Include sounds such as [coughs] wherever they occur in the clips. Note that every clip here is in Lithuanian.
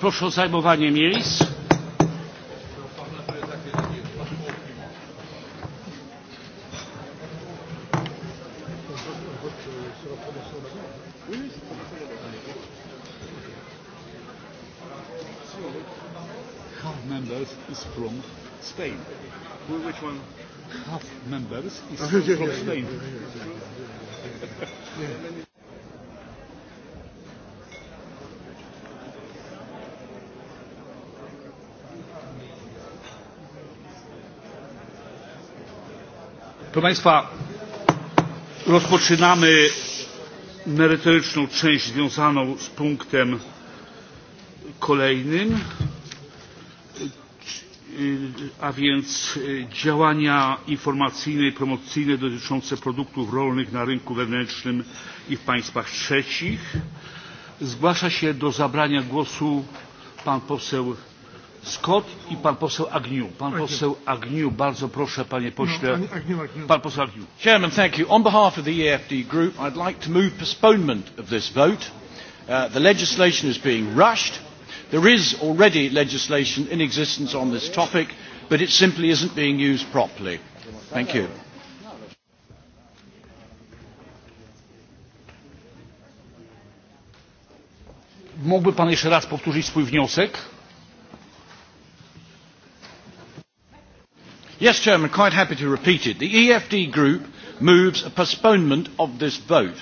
Proszę o zajmowanie miejsc. Half members is from Spain. Which one? Half members is [laughs] from Spain. Proszę Państwa, rozpoczynamy merytoryczną część związaną z punktem kolejnym, a więc działania informacyjne i promocyjne dotyczące produktów rolnych na rynku wewnętrznym i w państwach trzecich. Zgłasza się do zabrania głosu pan poseł Scott i pan poseł Agnew. Pan poseł Agnew, bardzo proszę panie pośle. Pan poseł Agnew. Chairman, thank you. On behalf of the EFD group, I'd like to move postponement of this vote. Uh, the legislation is being rushed. There is already legislation in existence on this topic, but it simply isn't being used properly. Thank you. Mógłby pan jeszcze raz powtórzyć swój wniosek? Yes, Chairman, quite happy to repeat it. The EFD Group moves a postponement of this vote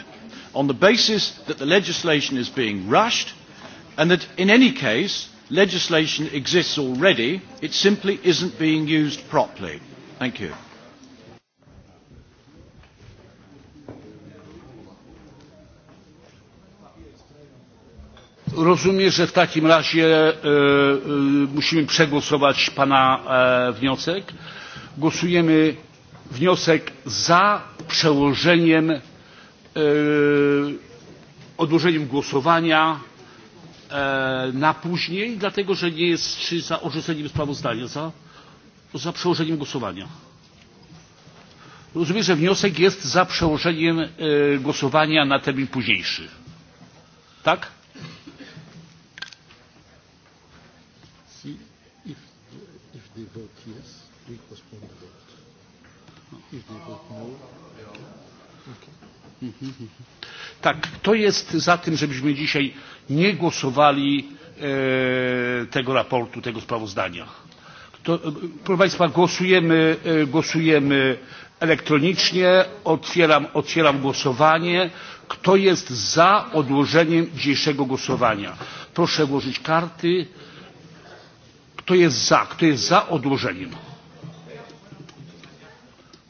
on the basis that the legislation is being rushed and that in any case legislation exists already it simply isn't being used properly. Thank you. Rozumiem, że w takim razie e, e, musimy przegłosować Pana e, wniosek. Głosujemy wniosek za przełożeniem, e, odłożeniem głosowania e, na później, dlatego że nie jest czy za odrzuceniem sprawozdania, za, za przełożeniem głosowania. Rozumiem, że wniosek jest za przełożeniem e, głosowania na termin późniejszy. Tak? If, if they vote yes we postpone the vote? If they vote no. Okay. Tak, kto jest za tym, żebyśmy dzisiaj nie głosowali e, tego raportu, tego sprawozdania? Kto, e, proszę Państwa, głosujemy, e, głosujemy elektronicznie. Otwieram, otwieram głosowanie. Kto jest za odłożeniem dzisiejszego głosowania? Proszę włożyć karty. Kto jest za? Kto jest za odłożeniem?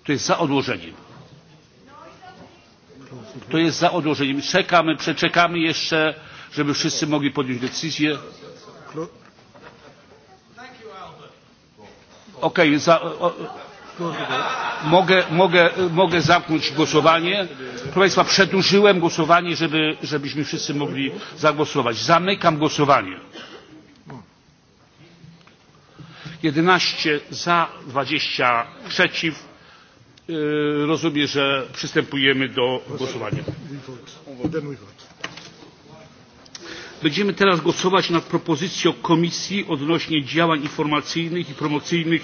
Kto jest za odłożeniem? Kto jest za odłożeniem? Czekamy, przeczekamy jeszcze, żeby wszyscy mogli podjąć decyzję. Okej, okay, za, o, mogę, mogę, mogę zamknąć głosowanie. Proszę Państwa, przedłużyłem głosowanie, żeby, żebyśmy wszyscy mogli zagłosować. Zamykam głosowanie. 11 za, 20 przeciw E, rozumiem że przystępujemy do głosowania. będziemy teraz głosować nad propozycją komisji odnośnie działań informacyjnych i promocyjnych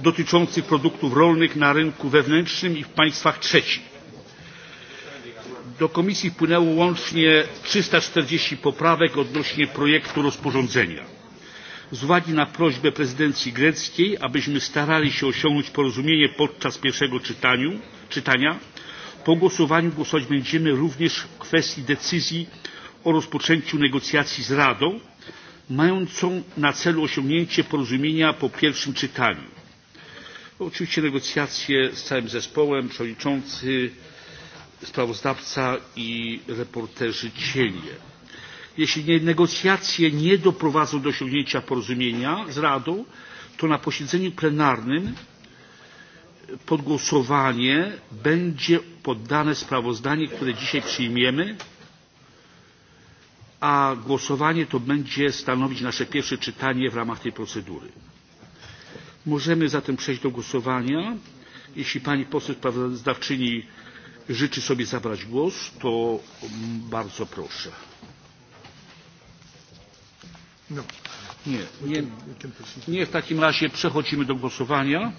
dotyczących produktów rolnych na rynku wewnętrznym i w państwach trzecich. do komisji wpłynęło łącznie trzysta czterdzieści poprawek odnośnie projektu rozporządzenia z uwagi na prośbę prezydencji greckiej abyśmy starali się osiągnąć porozumienie podczas pierwszego czytania po głosowaniu głosować będziemy również w kwestii decyzji o rozpoczęciu negocjacji z radą mającą na celu osiągnięcie porozumienia po pierwszym czytaniu. oczywiście negocjacje z całym zespołem przewodniczący sprawozdawca i sprawozdawcy cienie jeśli negocjacje nie doprowadzą do osiągnięcia porozumienia z radą to na posiedzeniu plenarnym pod głosowanie będzie poddane sprawozdanie które dzisiaj przyjmiemy a głosowanie to będzie stanowić nasze pierwsze czytanie w ramach tej procedury. Możemy zatem przejść do głosowania. Jeśli pani poseł sprawozdawczyni życzy sobie zabrać głos, to bardzo proszę. No. Nie, nie, nie. W takim razie przechodzimy do głosowania.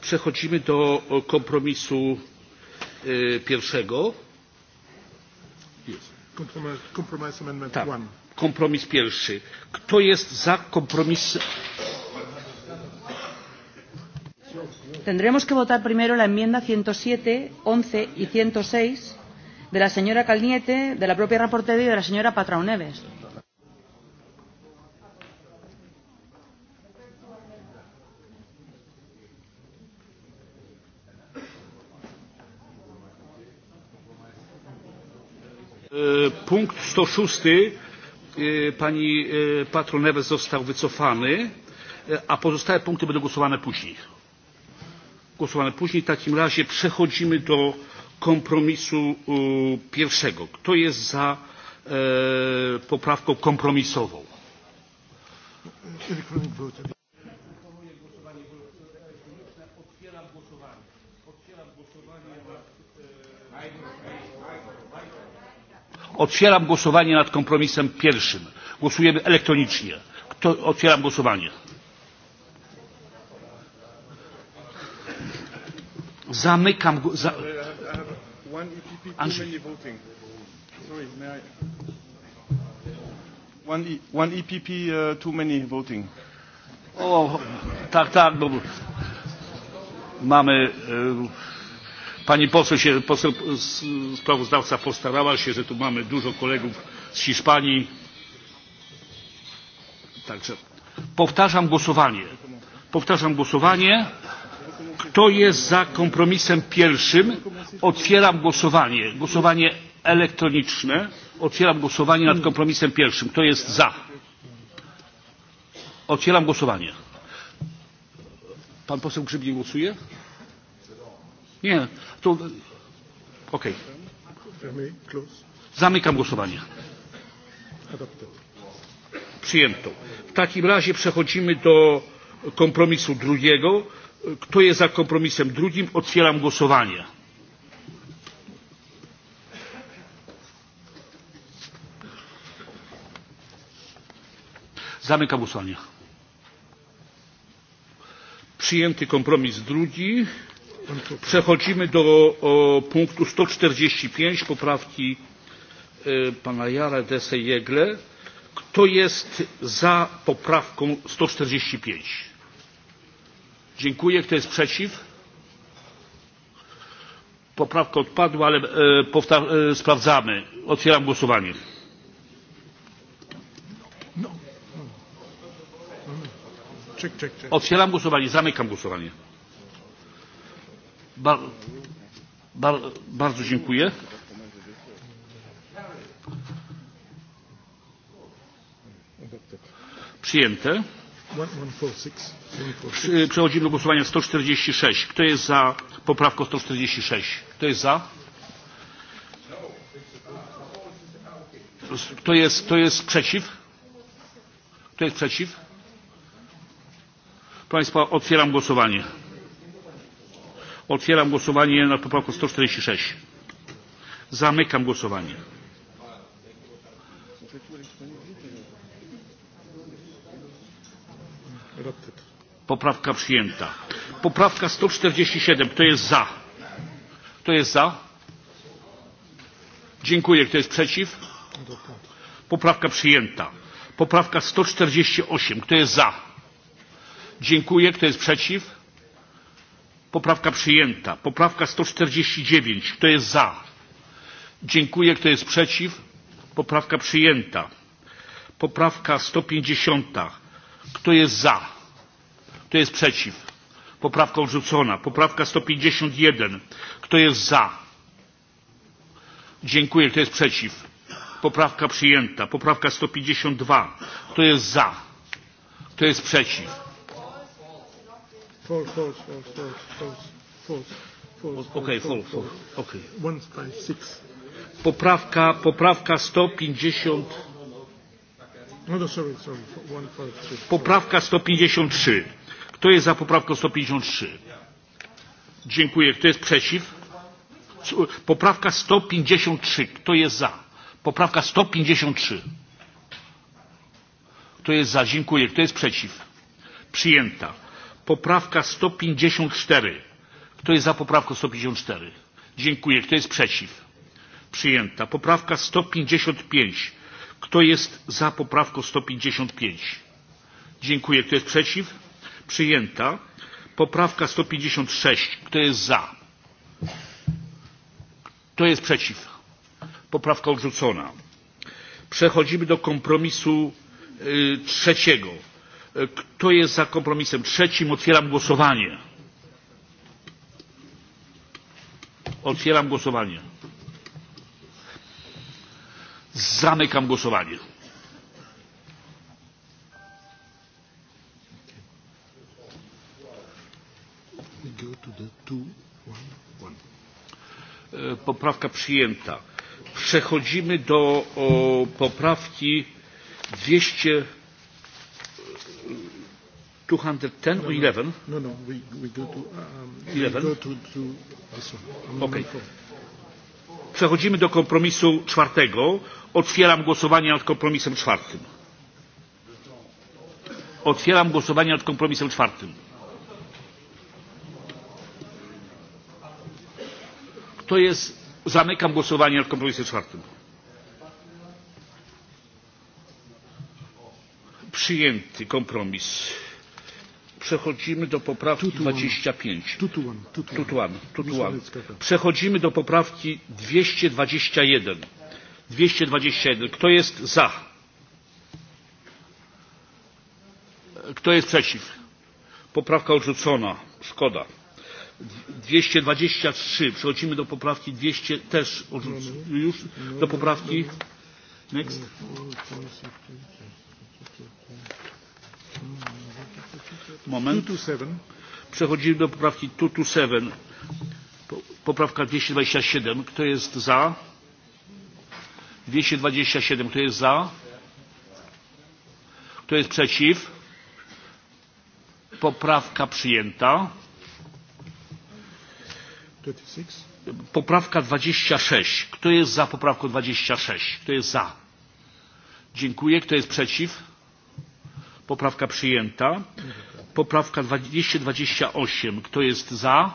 Przechodzimy do kompromisu y, e, pierwszego. Kompromis, tak, kompromis pierwszy. Kto jest za kompromisem? Tendremos que votar primero la enmienda 107, 11 y 106 de la señora Calniete, de la propia reportera y de la señora Patrao Neves. E, punkt sto sześć pani e, patro neves został wycofany e, a pozostałe punkty będą głosowane później. głosowane później w takim razie przechodzimy do kompromisu pierwszego kto jest za e, poprawką kompromisową? otwieram głosowanie nad kompromisem pierwszym. głosujemy elektronicznie. Kto, otwieram głosowanie. zamykam za, one EPP too many voting. Sorry, may I? One, e, one EPP uh, too many voting. O, tak, tak, bo mamy, y, e, pani poseł, się, poseł sprawozdawca postarała się, że tu mamy dużo kolegów z Hiszpanii. Także powtarzam głosowanie. Powtarzam głosowanie. Kto jest za kompromisem pierwszym? Otwieram głosowanie. Głosowanie elektroniczne. Otwieram głosowanie nad kompromisem pierwszym. Kto jest za? Otwieram głosowanie. Pan poseł Grzyb nie głosuje? Nie. To... Okej. Okay. Zamykam głosowanie. Przyjęto. W takim razie przechodzimy do kompromisu drugiego Kto jest za kompromisem drugim? Otwieram głosowanie. Zamykam głosowanie. Przyjęty kompromis drugi. Przechodzimy do o, punktu 145 poprawki y, e, pana Jara Dese Jegle. Kto jest za poprawką 145? Dziękuję. Kto jest przeciw? Poprawka odpadła, ale e, e, sprawdzamy. Otwieram głosowanie. Czek, czek, czek. Otwieram głosowanie. Zamykam głosowanie. Bar bar bardzo dziękuję. Przyjęte. Przechodzimy do głosowania 146. Kto jest za poprawką 146? Kto jest za? Kto jest, kto jest przeciw? Kto jest przeciw? Proszę Państwa, otwieram głosowanie. Otwieram głosowanie nad poprawką 146. Zamykam głosowanie poprawka przyjęta. poprawka sto czterdzieści siedem kto jest za? kto jest za? dziękuję kto jest przeciw? poprawka przyjęta. poprawka sto czterdzieści osiem kto jest za? dziękuję kto jest przeciw? poprawka przyjęta. poprawka sto czterdzieści dziewięć kto jest za? dziękuję kto jest przeciw? poprawka przyjęta. poprawka sto pięćdziesiąt Kto jest za? Kto jest przeciw? Poprawka odrzucona. Poprawka 151. Kto jest za? Dziękuję. Kto jest przeciw? Poprawka przyjęta. Poprawka 152. Kto jest za? Kto jest przeciw? False, false, false, false, false, false. false okay, false, false. Okay. One, five, six. Poprawka, poprawka 150. No, no, sorry, sorry. One, five, three, Poprawka 153. Kto jest za poprawką 153? Dziękuję. Kto jest przeciw? Poprawka 153. Kto jest za? Poprawka 153. Kto jest za? Dziękuję. Kto jest przeciw? Przyjęta. Poprawka 154. Kto jest za poprawką 154? Dziękuję. Kto jest przeciw? Przyjęta. Poprawka 155. Kto jest za poprawką 155? Dziękuję. Kto jest przeciw? Przyjęta. Poprawka 156. Kto jest za? Kto jest przeciw? Poprawka odrzucona. Przechodzimy do kompromisu y, trzeciego. Kto jest za kompromisem trzecim? Otwieram głosowanie. Otwieram głosowanie. Zamykam głosowanie. E, poprawka przyjęta. Przechodzimy do o, poprawki 200. 210 e, no, or 11? No, no, we, we go to, um, 11? We go to, to this one. Okay. Four przechodzimy do kompromisu czwartego. otwieram głosowanie nad kompromisem czwartym. otwieram głosowanie nad kompromisem czwartym. kto jest zamykam głosowanie nad kompromisem czwartym. przyjęty kompromis. Przechodzimy do poprawki 25. Tutuan. Tutuan. Przechodzimy do poprawki 221. 221. Kto jest za? Kto jest przeciw? Poprawka odrzucona. Szkoda. 223. Przechodzimy do poprawki 200. Też odrzuc- już do poprawki. Next momentu. Przechodzimy do poprawki 227. Poprawka 227. Kto jest za? 227. Kto jest za? Kto jest przeciw? Poprawka przyjęta. Poprawka 26. Kto jest za poprawką 26? Kto jest za? Dziękuję. Kto jest przeciw? Poprawka przyjęta. Poprawka 228. Kto jest za?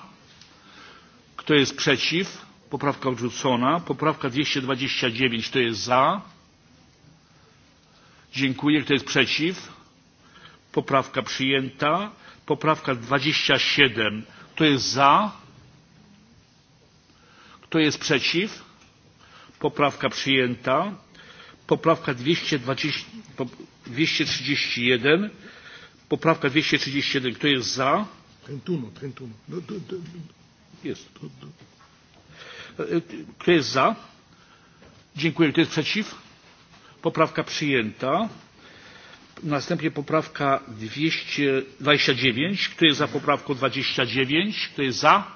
Kto jest przeciw? Poprawka odrzucona. Poprawka 229. Kto jest za? Dziękuję. Kto jest przeciw? Poprawka przyjęta. Poprawka 27. Kto jest za? Kto jest przeciw? Poprawka przyjęta poprawka dwieście trzydzieści jeden poprawka dwieście trzydzieści jeden kto jest za kto jest za dziękuję kto jest przeciw poprawka przyjęta następnie poprawka dwieście dwadzieścia dziewięć kto jest za poprawką dwadzieścia dziewięć kto jest za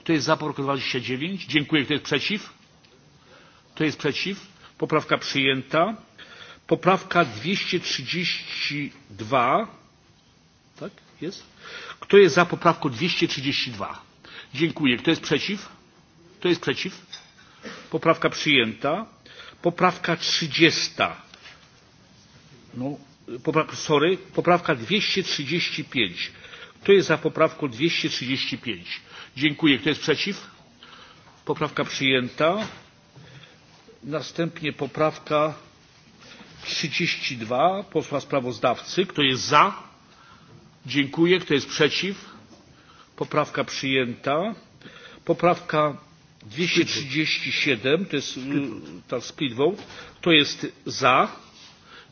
kto jest za poprawką dwadzieścia dziewięć dziękuję kto jest przeciw kto jest przeciw? poprawka przyjęta poprawka dwieście trzydzieści dwa tak jest kto jest za poprawką dwieście trzydzieści dwa dziękuję kto jest przeciw kto jest przeciw poprawka przyjęta poprawka trzydziesta no popra sorry poprawka dwieście trzydzieści pięć kto jest za poprawką dwieście trzydzieści pięć dziękuję kto jest przeciw poprawka przyjęta Następnie poprawka 32 posła sprawozdawcy. Kto jest za? Dziękuję. Kto jest przeciw? Poprawka przyjęta. Poprawka 237, to jest ta split vote. Kto jest za?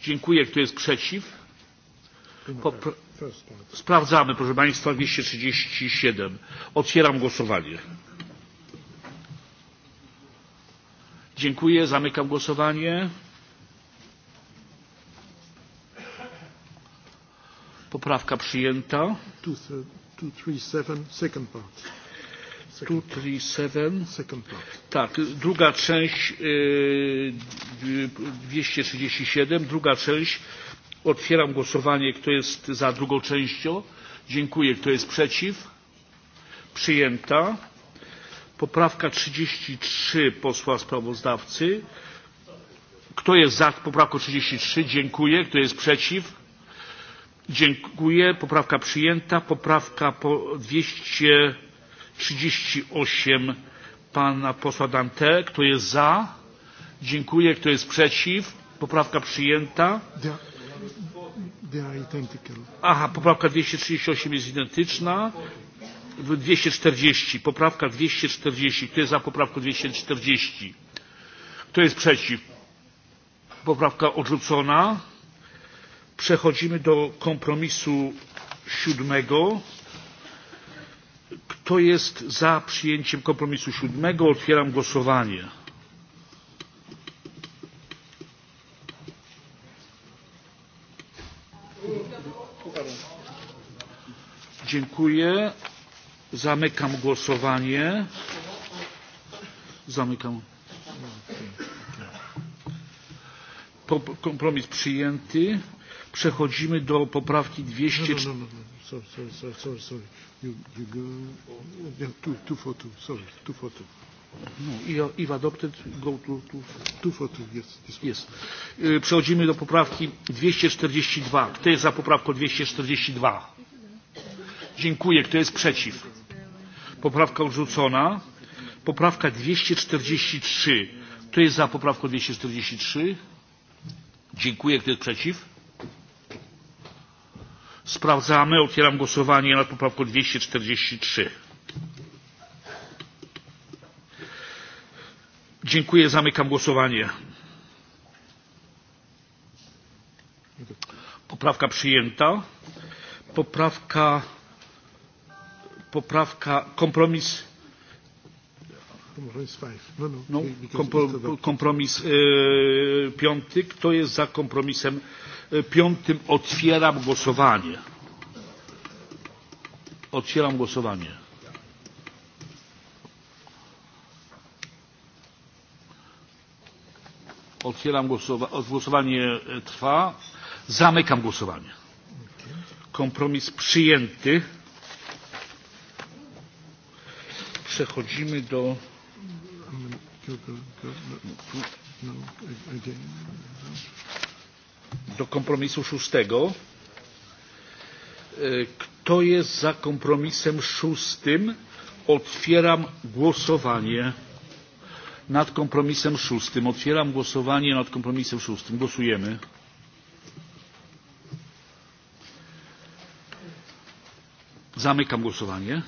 Dziękuję. Kto jest przeciw? Popra Sprawdzamy, proszę Państwa, 237. Otwieram głosowanie. Dziękuję. Zamykam głosowanie. Poprawka przyjęta. 237, second part. 237, second part. Tak, druga część y, 237, druga część. Otwieram głosowanie. Kto jest za drugą częścią? Dziękuję. Kto jest przeciw? Przyjęta poprawka trzydzieści trzy posła sprawozdawcy kto jest za poprawką trzydzieści trzy dziękuję kto jest przeciw dziękuję poprawka przyjęta poprawka dwieście trzydzieści osiem pana posła dantin kto jest za dziękuję kto jest przeciw poprawka przyjęta aha poprawka dwieście trzydzieści osiem jest identyczna dwieście czterdzieści poprawka dwieście czterdzieści kto jest za poprawką dwieście czterdzieści kto jest przeciw poprawka odrzucona przechodzimy do kompromisu siódmego kto jest za przyjęciem kompromisu siódmego otwieram głosowanie dziękuję. Zamykam głosowanie. Zamykam. Kompromis przyjęty. Przechodzimy do poprawki 200. No, no, no, no. Sorry, sorry, sorry, sorry, sorry. You, you go. Yeah, two, two for two. Sorry, two for two. No, if adopted, go to, to... Two for two, yes. yes. Przechodzimy do poprawki 242. Kto jest za poprawką 242? Dziękuję. Kto jest przeciw? poprawka odrzucona poprawka dwieście czterdzieści trzy kto jest za poprawką dwieście czterdzieści trzy dziękuję kto jest przeciw sprawdzamy otwieram głosowanie nad poprawką dwieście czterdzieści trzy dziękuję zamykam głosowanie poprawka przyjęta poprawka poprawka, kompromis. No, kompromis yy, e, piąty. Kto jest za kompromisem e, piątym? Otwieram głosowanie. Otwieram głosowanie. Otwieram głosowa głosowanie. E, trwa. Zamykam głosowanie. Kompromis przyjęty. przechodzimy do. Do kompromisu szóstego. E, kto jest za kompromisem szóstym? Otwieram głosowanie nad kompromisem szóstym. Otwieram głosowanie nad kompromisem szóstym. Głosujemy. Zamykam głosowanie.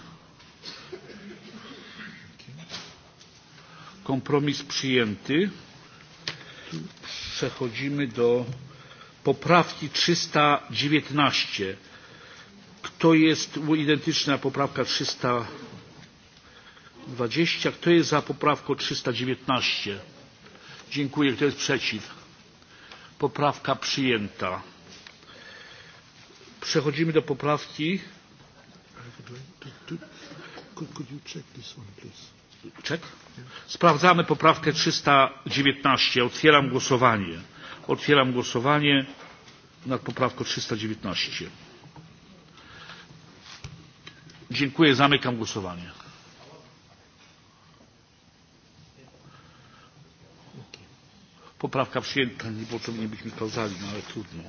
Kompromis przyjęty. Przechodzimy do poprawki 319. Kto jest identyczna poprawka 320? Kto jest za poprawką 319? Dziękuję. Kto jest przeciw? Poprawka przyjęta. Przechodzimy do poprawki. Could, could you check this one, please? Czek? Sprawdzamy poprawkę 319. Otwieram głosowanie. Otwieram głosowanie nad poprawką 319. Dziękuję. Zamykam głosowanie. Poprawka przyjęta. Nie potrzebnie byśmy sprawdzali, no ale trudno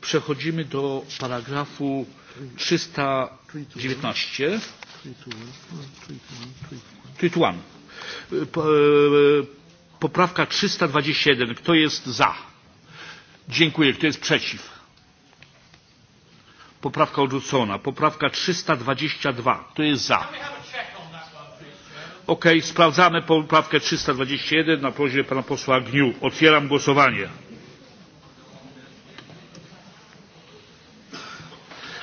przechodzimy do paragrafu trzysta dziewiętnaście e, poprawka trzysta dwadzieścia jeden kto jest za? dziękuję kto jest przeciw? poprawka odrzucona poprawka trzysta dwadzieścia dwa kto jest za? ok sprawdzamy poprawkę trzysta dwadzieścia jeden na prośbę pana posła agnew otwieram głosowanie.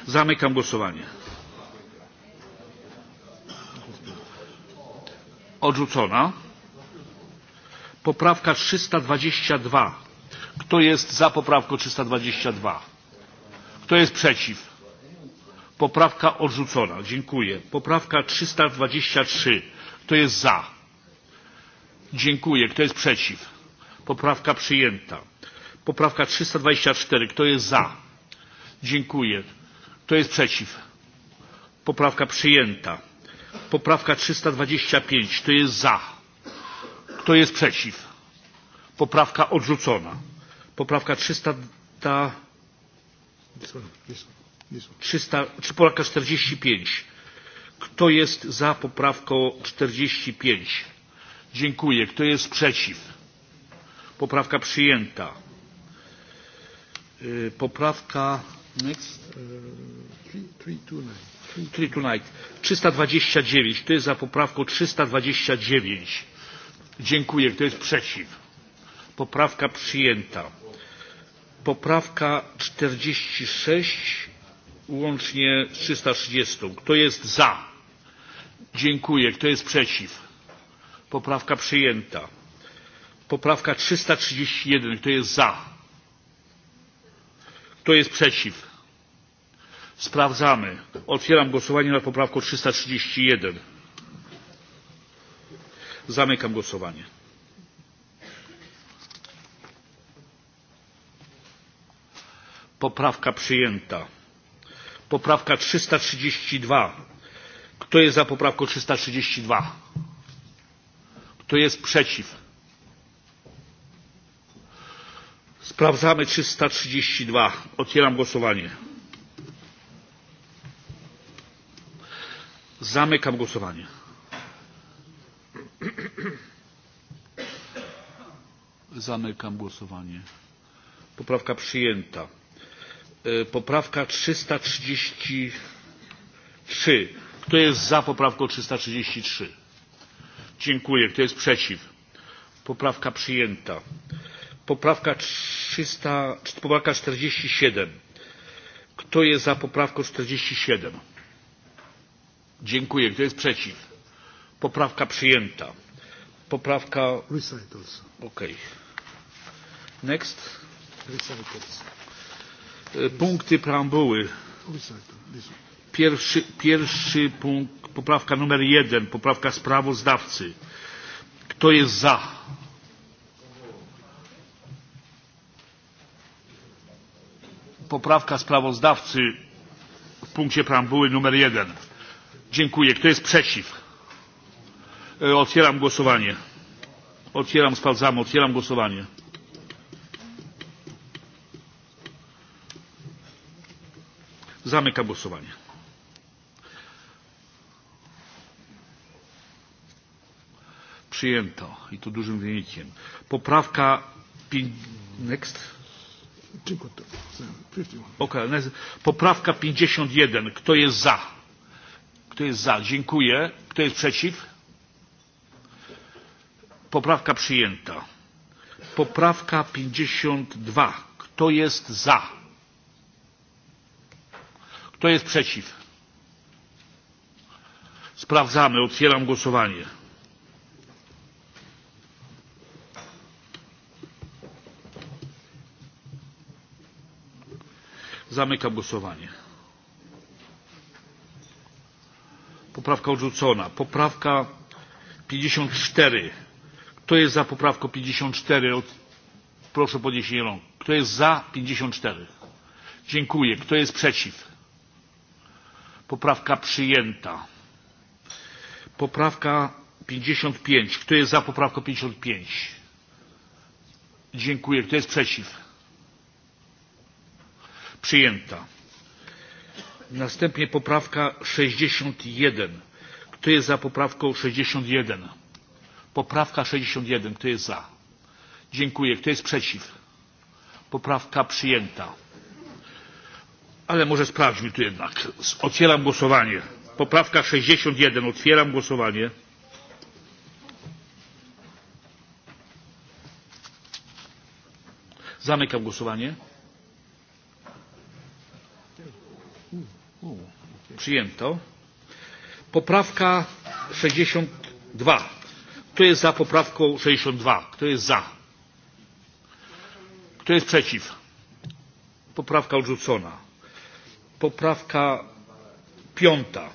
Zamykam głosowanie. Odrzucona. Poprawka 322. Kto jest za poprawką 322? Kto jest przeciw? Poprawka odrzucona. Dziękuję. Poprawka 323. Kto jest za? Dziękuję. Kto jest przeciw? Poprawka przyjęta. Poprawka 324. Kto jest za? Dziękuję kto jest przeciw? poprawka przyjęta. poprawka trzysta dwadzieścia pięć kto jest za? kto jest przeciw? poprawka odrzucona. poprawka trzysta czy poprawka czterdzieści pięć kto jest za poprawką czterdzieści pięć? dziękuję. kto jest przeciw? poprawka przyjęta. poprawka Next, uh, 329. 329. 329. Kto jest za poprawką 329? Dziękuję. Kto jest przeciw? Poprawka przyjęta. Poprawka 46 łącznie z 330. Kto jest za? Dziękuję. Kto jest przeciw? Poprawka przyjęta. Poprawka 331. Kto jest za? kto jest przeciw? sprawdzamy. otwieram głosowanie nad poprawką trzysta trzydzieści jeden zamykam głosowanie. poprawka przyjęta. poprawka trzysta trzydzieści dwa kto jest za poprawką trzysta trzydzieści dwa? kto jest przeciw? Sprawdzamy 332. Otwieram głosowanie. Zamykam głosowanie. Zamykam głosowanie. Poprawka przyjęta. E, poprawka 333. Kto jest za poprawką 333? Dziękuję. Kto jest przeciw? Poprawka przyjęta. Poprawka 3 trzysta poprawka czterdzieści siedem kto jest za poprawką czterdzieści siedem dziękuję kto jest przeciw poprawka przyjęta poprawka okay. next Recitals. punkty preambuły pierwszy, pierwszy punkt poprawka numer jeden poprawka sprawozdawcy kto jest za? poprawka sprawozdawcy w punkcie preambuły numer jeden. Dziękuję. Kto jest przeciw? E, otwieram głosowanie. Otwieram, sprawdzamy. Otwieram głosowanie. Zamykam głosowanie. Przyjęto i to dużym wynikiem. Poprawka next Okay. Poprawka 51. Kto jest za? Kto jest za? Dziękuję. Kto jest przeciw? Poprawka przyjęta. Poprawka 52. Kto jest za? Kto jest przeciw? Sprawdzamy. Otwieram głosowanie. Zamykam głosowanie. Poprawka odrzucona. Poprawka 54. Kto jest za poprawką 54? Proszę o podniesienie rąk. Kto jest za 54? Dziękuję. Kto jest przeciw? Poprawka przyjęta. Poprawka 55. Kto jest za poprawką 55? Dziękuję. Kto jest przeciw? Przyjęta. Następnie poprawka 61. Kto jest za poprawką 61? Poprawka 61. Kto jest za? Dziękuję. Kto jest przeciw? Poprawka przyjęta. Ale może sprawdźmy tu jednak. Otwieram głosowanie. Poprawka 61. Otwieram głosowanie. Zamykam głosowanie. Przyjęto. Poprawka 62. Kto jest za poprawką 62? Kto jest za? Kto jest przeciw? Poprawka odrzucona. Poprawka piąta.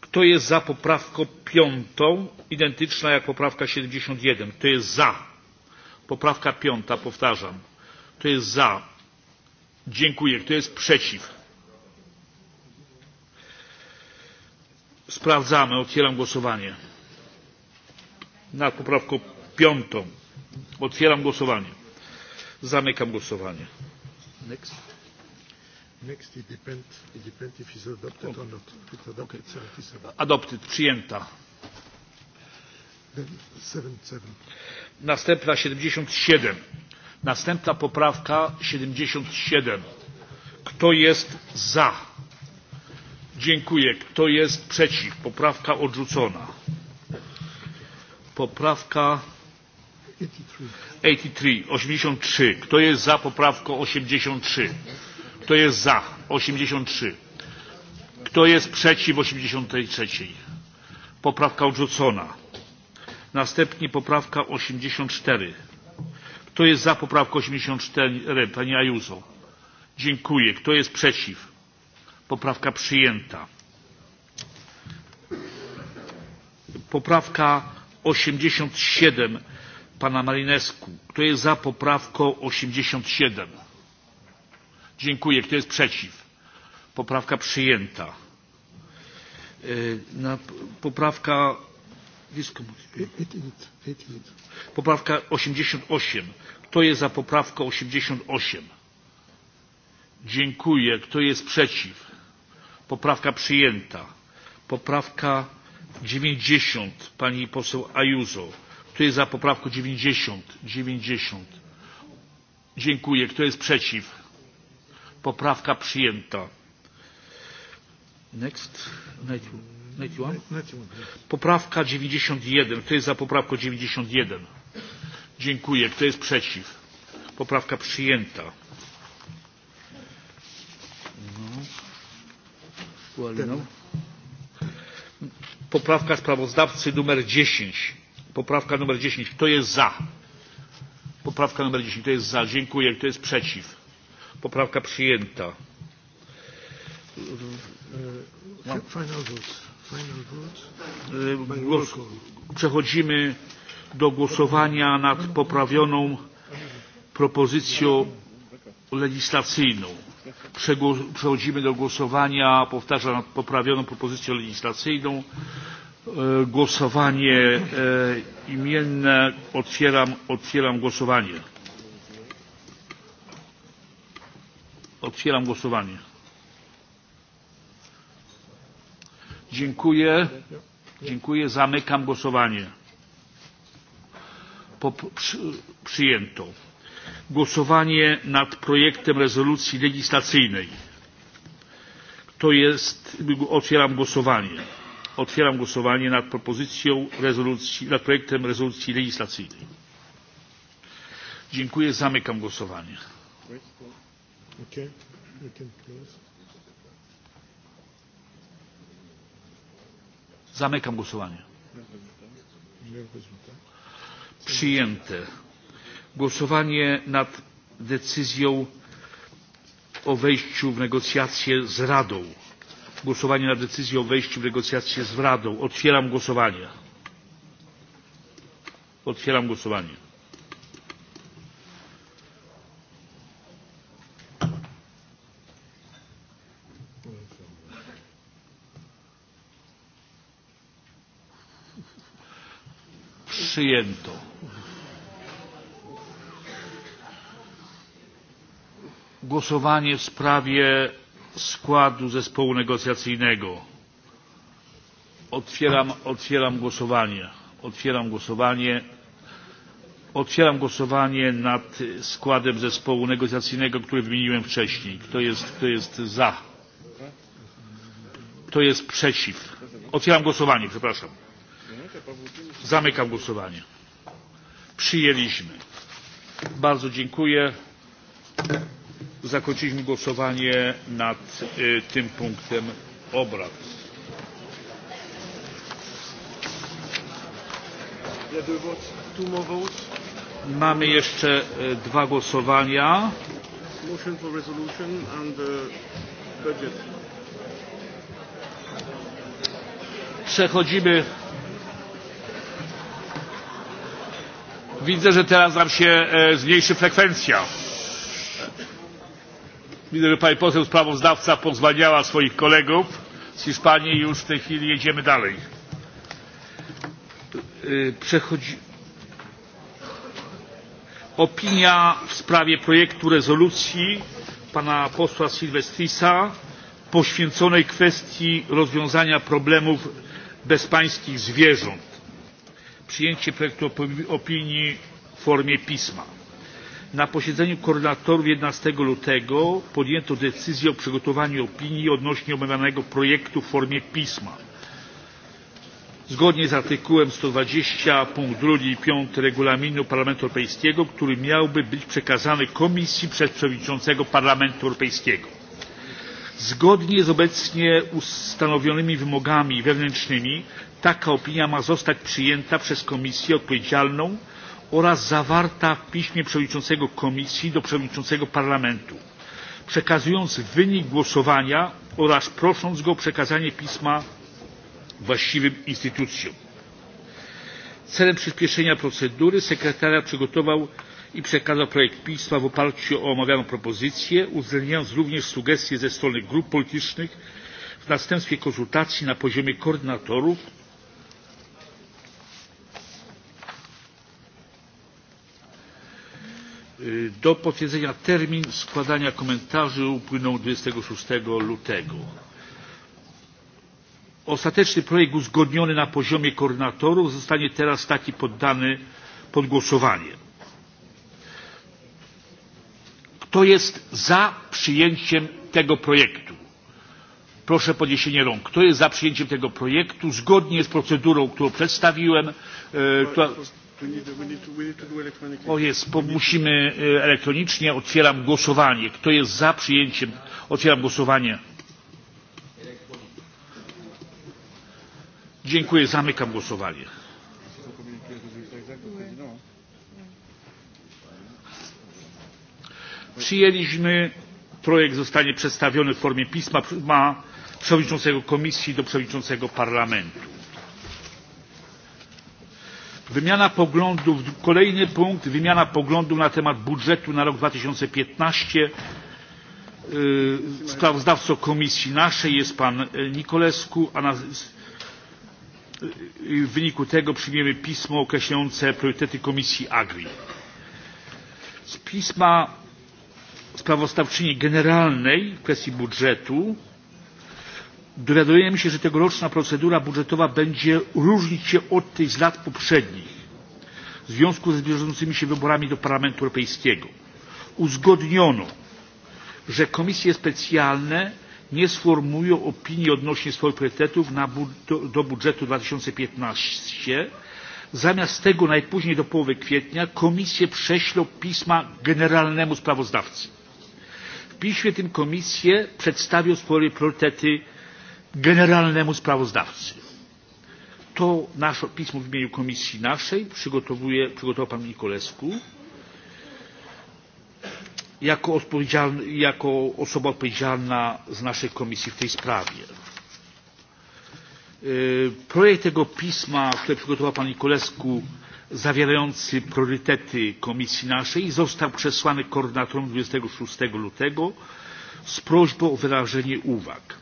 Kto jest za poprawką piątą, identyczna jak poprawka 71? Kto jest za? Poprawka piąta, powtarzam. Kto jest za? Dziękuję. Kto jest przeciw? Sprawdzamy. Otwieram głosowanie. Nad poprawką piątą. Otwieram głosowanie. Zamykam głosowanie. Next. Next it depends, it depends if it's adopted okay. or not. It's adopted, okay. 77. adopted, przyjęta. Then 77. Następna 77. Następna poprawka 77. Kto jest za? Dziękuję. Kto jest przeciw? Poprawka odrzucona. Poprawka 83. 83. Kto jest za poprawką 83? Kto jest za 83? Kto jest przeciw 83? Poprawka odrzucona. Następnie poprawka 84. Kto jest za poprawką 84? Pani Ajuzo. Dziękuję. Kto jest przeciw? Poprawka przyjęta. Poprawka 87 pana Marinescu. Kto jest za poprawką 87? Dziękuję. Kto jest przeciw? Poprawka przyjęta. E, na poprawka Poprawka 88. Kto jest za poprawką 88? Dziękuję. Kto jest przeciw? poprawka przyjęta poprawka dziewięćdzisiąt pani poseł ayuso kto jest za poprawką dziewięćdzisiąt dziewięćdzisiąt dziękuję kto jest przeciw poprawka przyjęta next poprawka dziewięćdzisiąt jeden kto jest za poprawką dziewięćdzisiąt jeden dziękuję kto jest przeciw poprawka przyjęta poprawka sprawozdawcy numer dziesięć poprawka numer dziesięć kto jest za poprawka numer dziesięć kto jest za dziękuję kto jest przeciw poprawka przyjęta e, e, e, przechodzimy do głosowania nad poprawioną propozycją legislacyjną. Przechodzimy do głosowania, powtarzam, nad poprawioną propozycją legislacyjną. E, głosowanie e, imienne. Otwieram, otwieram głosowanie. Otwieram głosowanie. Dziękuję. Dziękuję. Zamykam głosowanie. Pop, przy, przyjęto głosowanie nad projektem rezolucji legislacyjnej. To jest, otwieram głosowanie. Otwieram głosowanie nad propozycją rezolucji, nad projektem rezolucji legislacyjnej. Dziękuję. Zamykam głosowanie. Okay. We can close. Zamykam głosowanie. Przyjęte głosowanie nad decyzją o wejściu w negocjacje z Radą. Głosowanie nad decyzją o wejściu w negocjacje z Radą. Otwieram głosowanie. Otwieram głosowanie. Przyjęto. głosowanie w sprawie składu zespołu negocjacyjnego. Otwieram, otwieram głosowanie. Otwieram głosowanie. Otwieram głosowanie nad składem zespołu negocjacyjnego, który wymieniłem wcześniej. Kto jest, kto jest za? Kto jest przeciw? Otwieram głosowanie, przepraszam. Zamykam głosowanie. Przyjęliśmy. Bardzo dziękuję zakończyliśmy głosowanie nad y, tym punktem obrad. Mamy jeszcze y, dwa głosowania. Motion for resolution and budget. Przechodzimy widzę że teraz nam się zmniejszy frekwencja. Widzę, że pani poseł sprawozdawca pozwalniała swoich kolegów z Hiszpanii i już w tej chwili jedziemy dalej. Przechodzi... Opinia w sprawie projektu rezolucji pana posła Silvestrisa poświęconej kwestii rozwiązania problemów bezpańskich zwierząt. Przyjęcie projektu opinii w formie pisma na posiedzeniu koordynatorów jedenaście lutego podjęto decyzję o przygotowaniu opinii odnośnie omawianego projektu w formie pisma. zgodnie z artykułem sto dwadzieścia punkt dwa i pięć regulaminu parlamentu europejskiego który miałby być przekazany komisji przez przewodniczącego parlamentu europejskiego. zgodnie z obecnie ustanowionymi wymogami wewnętrznymi taka opinia ma zostać przyjęta przez komisję odpowiedzialną oraz zawarta w piśmie przewodniczącego komisji do przewodniczącego parlamentu przekazując wynik głosowania oraz prosząc go o przekazanie pisma właściwym instytucjom. celem przyspieszenia procedury sekretariat przygotował i przekazał projekt pisma w oparciu o omawianą propozycję uwzględniając również sugestie ze strony grup politycznych w następstwie konsultacji na poziomie koordynatorów do potwierdzenia termin składania komentarzy upłynął dwadzieścia sześć lutego. ostateczny projekt uzgodniony na poziomie koordynatorów zostanie teraz taki poddany pod głosowanie. kto jest za przyjęciem tego projektu? proszę o podniesienie rąk. kto jest za przyjęciem tego projektu zgodnie z procedurą którą przedstawiłem e, która O jest, musimy e, elektronicznie. Otwieram głosowanie. Kto jest za przyjęciem? Otwieram głosowanie. Dziękuję. Zamykam głosowanie. Przyjęliśmy. Projekt zostanie przedstawiony w formie pisma przewodniczącego komisji do przewodniczącego parlamentu wymiana poglądów kolejny punkt wymiana poglądów na temat budżetu na rok dwa tysiące piętnaście sprawozdawcą komisji naszej jest pan niculescu a na, w wyniku tego przyjmiemy pismo określające priorytety komisji agri. z pisma sprawozdawczyni generalnej w kwestii budżetu dowiadujemy się że tegoroczna procedura budżetowa będzie różnić się od tej z lat poprzednich w związku ze zbliżającymi się wyborami do parlamentu europejskiego. uzgodniono że komisje specjalne nie sformułują opinii odnośnie swoich priorytetów na, do, do budżetu dwa tysiące piętnaście zamiast tego najpóźniej do połowy kwietnia komisje prześlą pisma generalnemu sprawozdawcy. w piśmie tym komisje przedstawią swoje priorytety generalnemu sprawozdawcy. To nasze pismo w imieniu komisji naszej przygotował pan Nikolescu jako, jako osoba odpowiedzialna z naszej komisji w tej sprawie. Projekt tego pisma, które przygotował pan Nikolescu, zawierający priorytety komisji naszej został przesłany koordynatorom 26 lutego z prośbą o wyrażenie uwag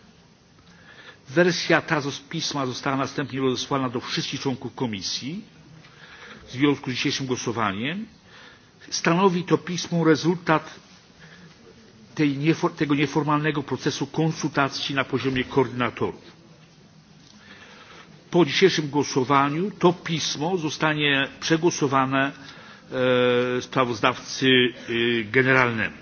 Wersja ta z pisma została następnie rozesłana do wszystkich członków komisji w związku z dzisiejszym głosowaniem. Stanowi to pismo rezultat tej, tego nieformalnego procesu konsultacji na poziomie koordynatorów. Po dzisiejszym głosowaniu to pismo zostanie przegłosowane e, sprawozdawcy e, generalnemu.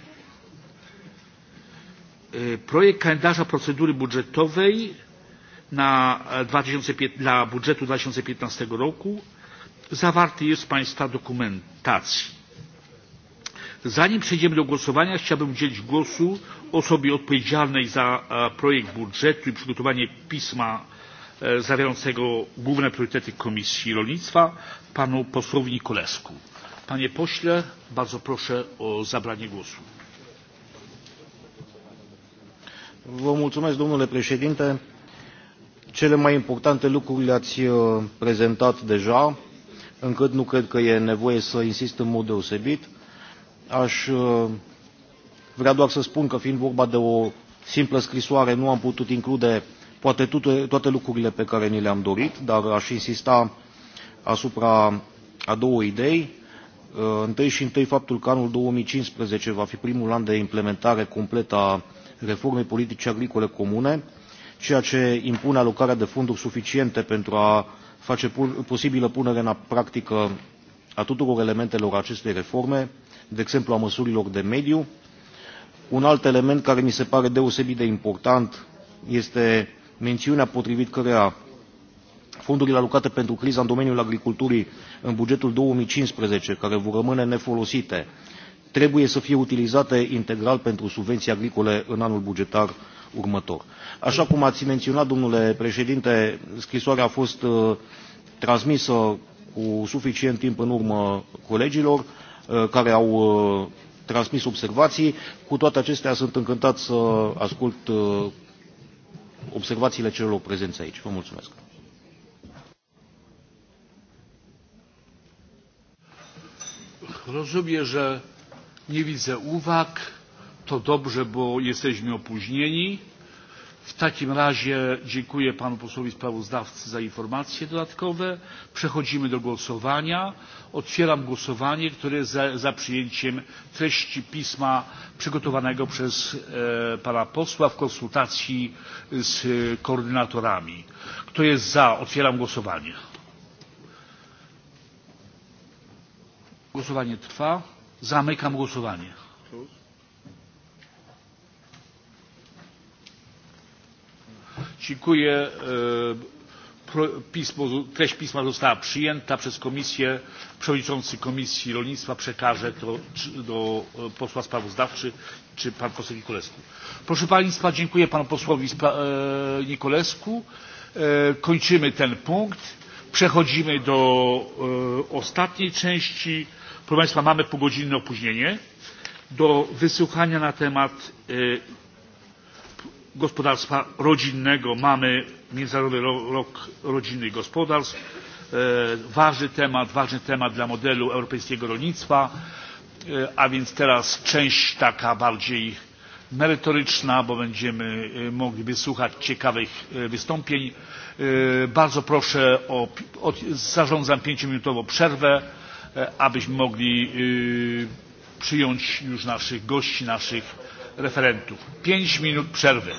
E, projekt kalendarza procedury budżetowej na 2005, e, dla budżetu 2015 roku zawarty jest w Państwa dokumentacji. Zanim przejdziemy do głosowania, chciałbym udzielić głosu osobie odpowiedzialnej za e, projekt budżetu i przygotowanie pisma e, zawierającego główne priorytety Komisji Rolnictwa, panu posłowi Nikolesku. Panie pośle, bardzo proszę o zabranie głosu. Vă mulțumesc, domnule președinte cele mai importante lucruri le-ați uh, prezentat deja, încât nu cred că e nevoie să insist în mod deosebit. Aș uh, vrea doar să spun că fiind vorba de o simplă scrisoare nu am putut include poate toate, toate lucrurile pe care ni le-am dorit, dar aș insista asupra a două idei. Uh, întâi și întâi faptul că anul 2015 va fi primul an de implementare completă a reformei politice agricole comune, ceea ce impune alocarea de fonduri suficiente pentru a face posibilă punerea în practică a tuturor elementelor acestei reforme, de exemplu a măsurilor de mediu. Un alt element care mi se pare deosebit de important este mențiunea potrivit căreia fondurile alocate pentru criza în domeniul agriculturii în bugetul două mii cincisprezece care vor rămâne nefolosite trebuie să fie utilizate integral pentru subvenții agricole în anul bugetar următor. Așa cum ați menționat, domnule președinte, scrisoarea a fost uh, transmisă cu suficient timp în urmă colegilor uh, care au uh, transmis observații. Cu toate acestea sunt încântat să ascult observațiile celor prezenți aici. Vă mulțumesc. Rozumiem, że Nie widzę uwag. To dobrze, bo jesteśmy opóźnieni. W takim razie dziękuję panu posłowi sprawozdawcy za informacje dodatkowe. Przechodzimy do głosowania. Otwieram głosowanie, które jest za, za przyjęciem treści pisma przygotowanego przez e, pana posła w konsultacji z koordynatorami. Kto jest za? Otwieram głosowanie. Głosowanie trwa. Zamykam głosowanie. Dziękuję. E, pismo, treść pisma została przyjęta przez komisję. Przewodniczący Komisji Rolnictwa przekaże to do e, posła sprawozdawcy czy pan poseł Nikolescu. Proszę Państwa, dziękuję panu posłowi e, Nikolescu. Kończymy ten punkt. Przechodzimy do ostatniej części Proszę Państwa, mamy półgodzinne opóźnienie do wysłuchania na temat gospodarstwa rodzinnego. Mamy Międzynarodowy Rok Rodziny i Gospodarstw. Ważny temat, ważny temat dla modelu europejskiego rolnictwa, a więc teraz część taka bardziej merytoryczna, bo będziemy mogli wysłuchać ciekawych wystąpień. Bardzo proszę o, o zarządzam pięciominutową przerwę E, abyśmy mogli przyjąć już naszych gości, naszych referentów. Pięć minut przerwy.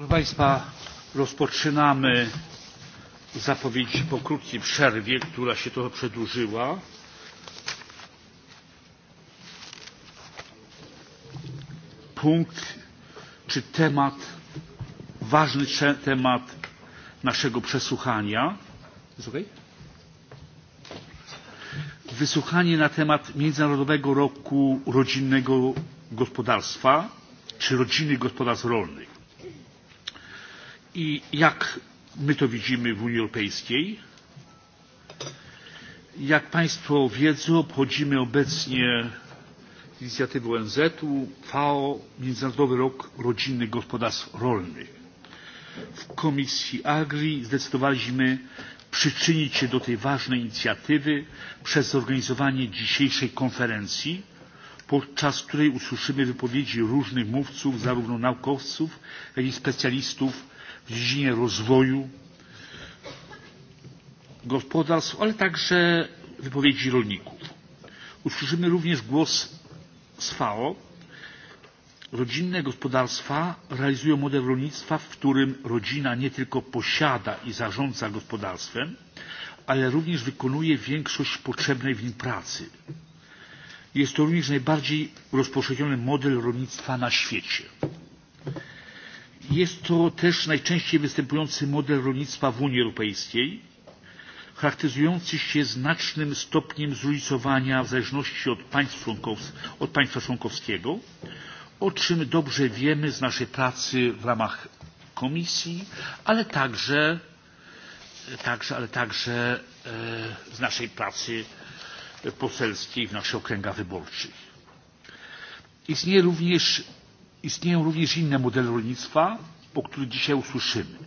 Proszę Państwa, rozpoczynamy zapowiedź po krótkiej przerwie, która się trochę przedłużyła. Punkt czy temat, ważny temat naszego przesłuchania. Jest okay? Wysłuchanie na temat Międzynarodowego Roku Rodzinnego Gospodarstwa czy Rodziny Gospodarstw Rolnych i jak my to widzimy w Unii Europejskiej. Jak Państwo wiedzą, obchodzimy obecnie z inicjatywy ONZ-u FAO Międzynarodowy Rok Rodziny Gospodarstw Rolnych. W Komisji Agri zdecydowaliśmy przyczynić się do tej ważnej inicjatywy przez zorganizowanie dzisiejszej konferencji, podczas której usłyszymy wypowiedzi różnych mówców, zarówno naukowców, jak i specjalistów w dziedzinie rozwoju gospodarstw ale także wypowiedzi rolników. usłyszymy również głos z fao rodzinne gospodarstwa realizują model rolnictwa w którym rodzina nie tylko posiada i zarządza gospodarstwem ale również wykonuje większość potrzebnej w nim pracy. jest to również najbardziej rozpowszechniony model rolnictwa na świecie. Jest to też najczęściej występujący model rolnictwa w Unii Europejskiej, charakteryzujący się znacznym stopniem zróżnicowania w zależności od, państw członkows- od państwa członkowskiego, o czym dobrze wiemy z naszej pracy w ramach Komisji, ale także, także, ale także e, z naszej pracy poselskiej w naszych okręgach wyborczych. Istnieje również istnieją również inne modele rolnictwa o których dzisiaj usłyszymy.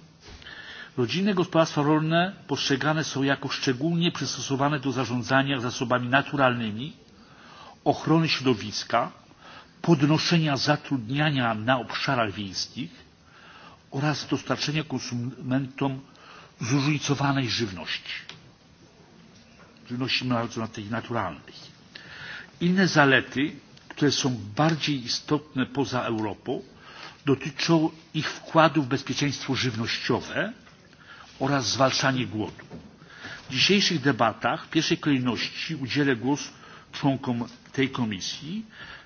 rodzinne gospodarstwa rolne postrzegane są jako szczególnie przystosowane do zarządzania zasobami naturalnymi ochrony środowiska podnoszenia zatrudniania na obszarach wiejskich oraz dostarczenia konsumentom zróżnicowanej żywności żywności bardzo naturalnej. inne zalety które są bardziej istotne poza Europą, dotyczą ich wkładu w bezpieczeństwo żywnościowe oraz zwalczanie głodu. W dzisiejszych debatach w pierwszej kolejności udzielę głos członkom tej komisji,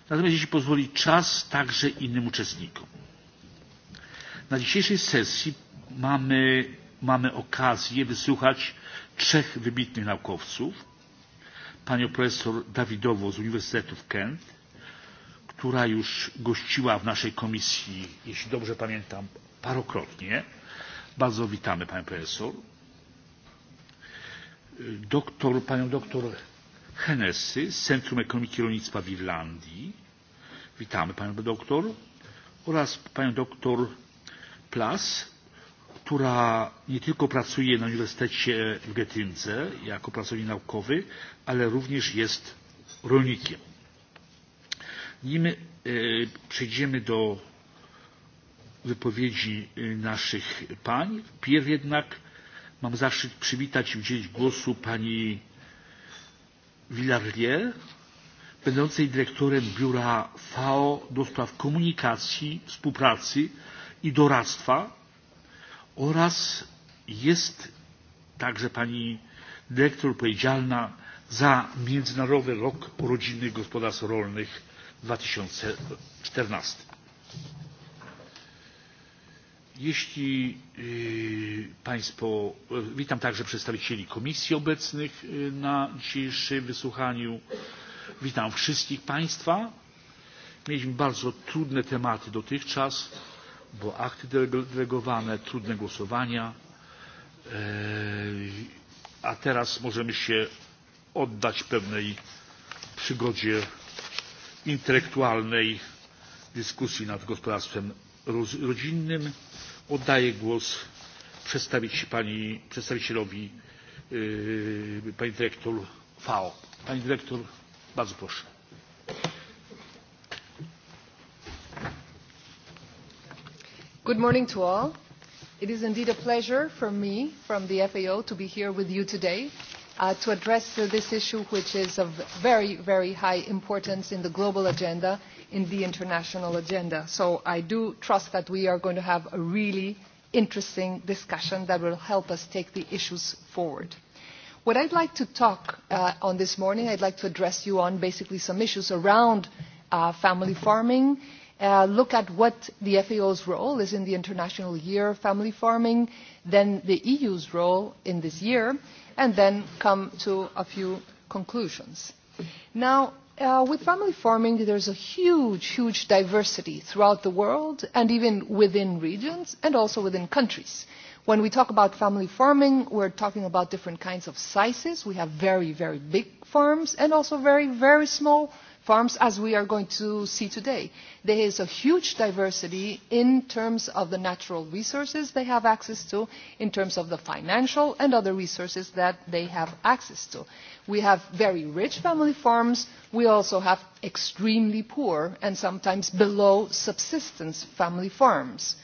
natomiast jeśli pozwoli czas, także innym uczestnikom. Na dzisiejszej sesji mamy, mamy okazję wysłuchać trzech wybitnych naukowców, panią profesor Dawidowo z Uniwersytetu w Kent, która już gościła w naszej komisji, jeśli dobrze pamiętam, parokrotnie. Bardzo witamy panią profesor. Doktor, panią doktor Hennessy z Centrum Ekonomiki Rolnictwa w Irlandii. Witamy panią doktor oraz panią doktor Plas, która nie tylko pracuje na Uniwersytecie w Getynce jako pracownik naukowy, ale również jest rolnikiem. Nim e, przejdziemy do wypowiedzi e, naszych pań, wpierw jednak mam zaszczyt przywitać i udzielić głosu pani Villarrier, będącej dyrektorem biura FAO do spraw komunikacji, współpracy i doradztwa oraz jest także pani dyrektor odpowiedzialna za Międzynarodowy Rok Rodziny Gospodarstw Rolnych dwa tysiące czternaście jeśli państwo witam także przedstawicieli komisji obecnych na dzisiejszym wysłuchaniu witam wszystkich państwa. mieliśmy bardzo trudne tematy dotychczas bo akty delegowane trudne głosowania e, a teraz możemy się oddać pewnej przygodzie intelektualnej dyskusji nad gospodarstwem rodzinnym. Oddaję głos pani, przedstawicielowi yy, pani dyrektor FAO. Pani dyrektor, bardzo proszę. Good morning to all. It is indeed a pleasure for me, from the FAO, to be here with you today uh, to address uh, this issue, which is of very, very high importance in the global agenda, in the international agenda. So I do trust that we are going to have a really interesting discussion that will help us take the issues forward. What I'd like to talk uh, on this morning, I'd like to address you on basically some issues around uh, family farming, uh, look at what the FAO's role is in the International Year of Family Farming, uh, then the EU's role in this year, and then come to a few conclusions. Now, uh, with family farming, there's a huge, huge diversity throughout the world and even within regions and also within countries. When we talk about family farming, we're talking about different kinds of sizes. We have very, very big farms and also very, very small farms farms as we are going to see today. There is a huge diversity in terms of the natural resources they have access to, in terms of the financial and other resources that they have access to. We have very rich family farms. We also have extremely poor and sometimes below subsistence family farms.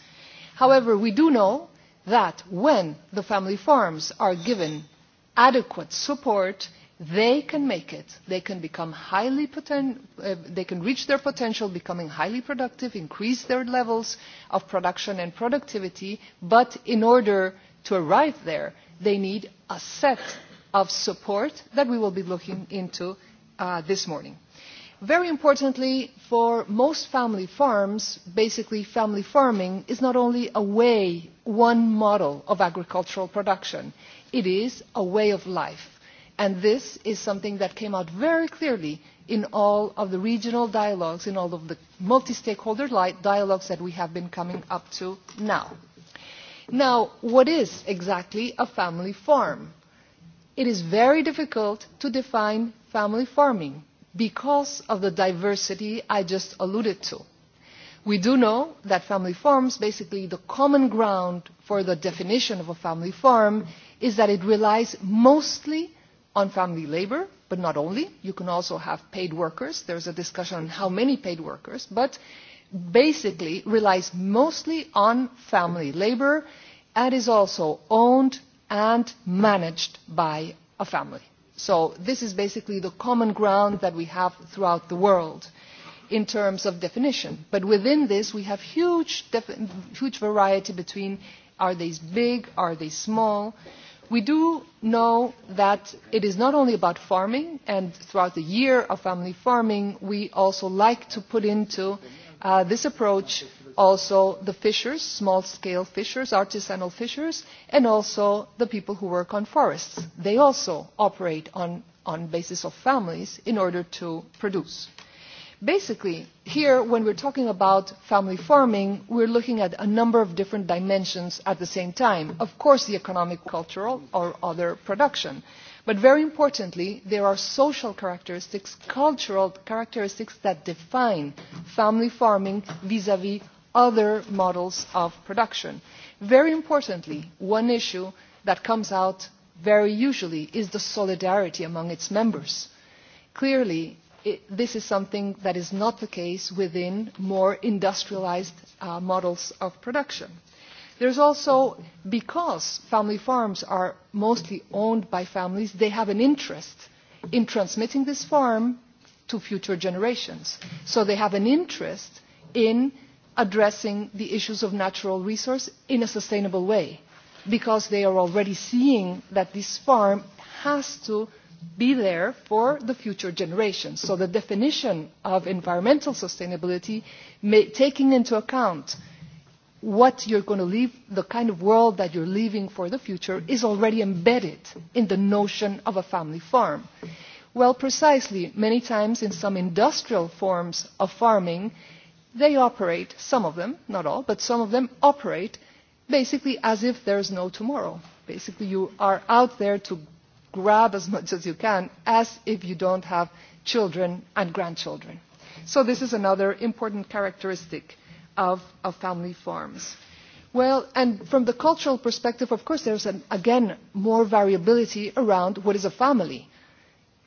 However, we do know that when the family farms are given adequate support, they can make it. They can become highly poten- uh, they can reach their potential, becoming highly productive, increase their levels of production and productivity. But in order to arrive there, they need a set of support that we will be looking into uh, this morning. Very importantly, for most family farms, basically family farming is not only a way, one model of agricultural production. It is a way of life And this is something that came out very clearly in all of the regional dialogues, in all of the multi-stakeholder dialogues that we have been coming up to now. Now, what is exactly a family farm? It is very difficult to define family farming because of the diversity I just alluded to. We do know that family farms, basically the common ground for the definition of a family farm is that it relies mostly on family labour, but not only. You can also have paid workers. There's a discussion on how many paid workers, but basically relies mostly on family labour and is also owned and managed by a family. So this is basically the common ground that we have throughout the world in terms of definition. But within this, we have huge, huge variety between are these big, are they small. Uh, we do know that it is not only about farming and throughout the year of family farming we also like to put into uh, this approach also the fishers small scale fishers artisanal fishers and also the people who work on forests they also operate on on basis of families in order to produce basically here when we are talking about family farming we are looking at a number of different dimensions at the same time of course the economic cultural or other production but very importantly there are social characteristics cultural characteristics that define family farming vis vis other models of production. very importantly one issue that comes out very usually is the solidarity among its members. clearly it, this is something that is not the case within more industrialized uh, models of production. There's also, because family farms are mostly owned by families, they have an interest in transmitting this farm to future generations. So they have an interest in addressing the issues of natural resource in a sustainable way because they are already seeing that this farm has to be there for the future generations. So the definition of environmental sustainability, may, taking into account what you're going to leave, the kind of world that you're leaving for the future, is already embedded in the notion of a family farm. Well, precisely, many times in some industrial forms of farming, they operate, some of them, not all, but some of them operate basically as if there's no tomorrow. Basically, you are out there to grab as much as you can as if you don't have children and grandchildren. So this is another important characteristic of, of family farms. Well, and from the cultural perspective, of course, there's an, again more variability around what is a family.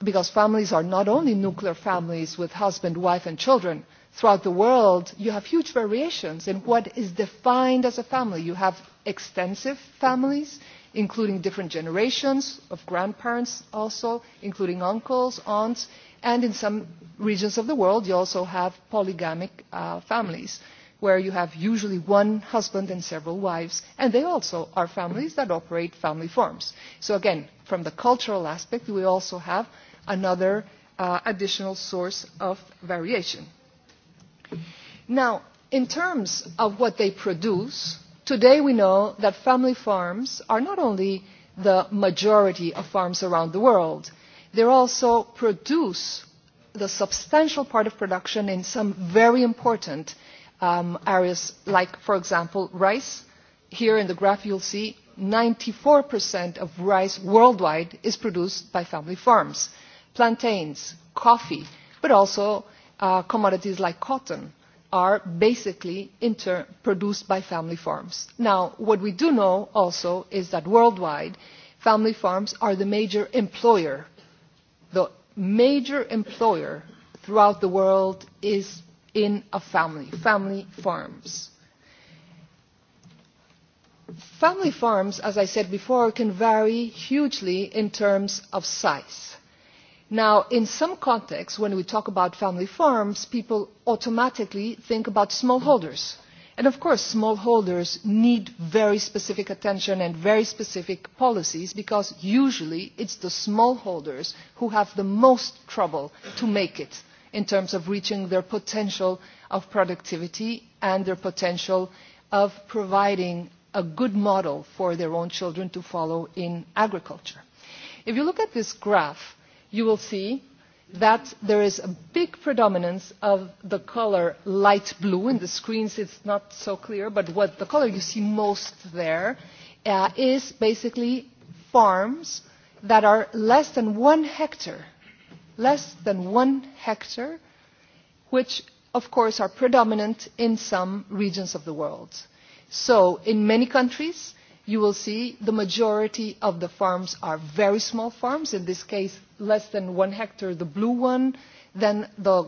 Because families are not only nuclear families with husband, wife, and children. Throughout the world, you have huge variations in what is defined as a family. You have extensive families, including different generations of grandparents also, including uncles, aunts, and in some regions of the world you also have polygamic uh, families where you have usually one husband and several wives, and they also are families that operate family farms. So again, from the cultural aspect, we also have another uh, additional source of variation. Now, in terms of what they produce, today we know that family farms are not only the majority of farms around the world they also produce the substantial part of production in some very important um, areas like for example rice here in the graph you'll see 94% of rice worldwide is produced by family farms plantains coffee but also uh, commodities like cotton uh, are basically produced by family farms. Now, what we do know also is that worldwide, family farms are the major employer. The major employer throughout the world is in a family, family farms. Family farms, as I said before, can vary hugely in terms of size Now, in some contexts, when we talk about family farms, people automatically think about smallholders. And of course, smallholders need very specific attention and very specific policies because usually it's the smallholders who have the most trouble to make it in terms of reaching their potential of productivity and their potential of providing a good model for their own children to follow in agriculture. If you look at this graph, you will see that there is a big predominance of the colour light blue. In the screens it's not so clear, but what the colour you see most there uh, is basically farms that are less than one hectare, less than one hectare, which of course are predominant in some regions of the world. So in many countries, you will see the majority of the farms are very small farms, in this case less than one hectare, the blue one, then the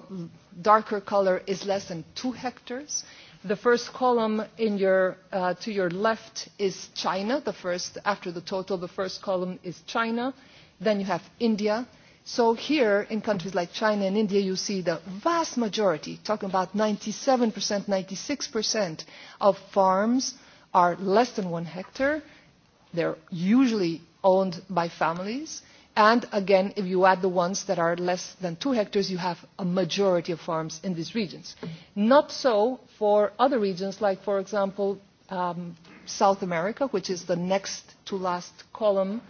darker color is less than two hectares. The first column in your, uh, to your left is China, the first, after the total, the first column is China, then you have India. So here, in countries like China and India, you see the vast majority, talking about 97%, 96% of farms uh, are less than one hectare. They're usually owned by families. And again, if you add the ones that are less than two hectares, you have a majority of farms in these regions. Not so for other regions, like, for example, um, South America, which is the next to last column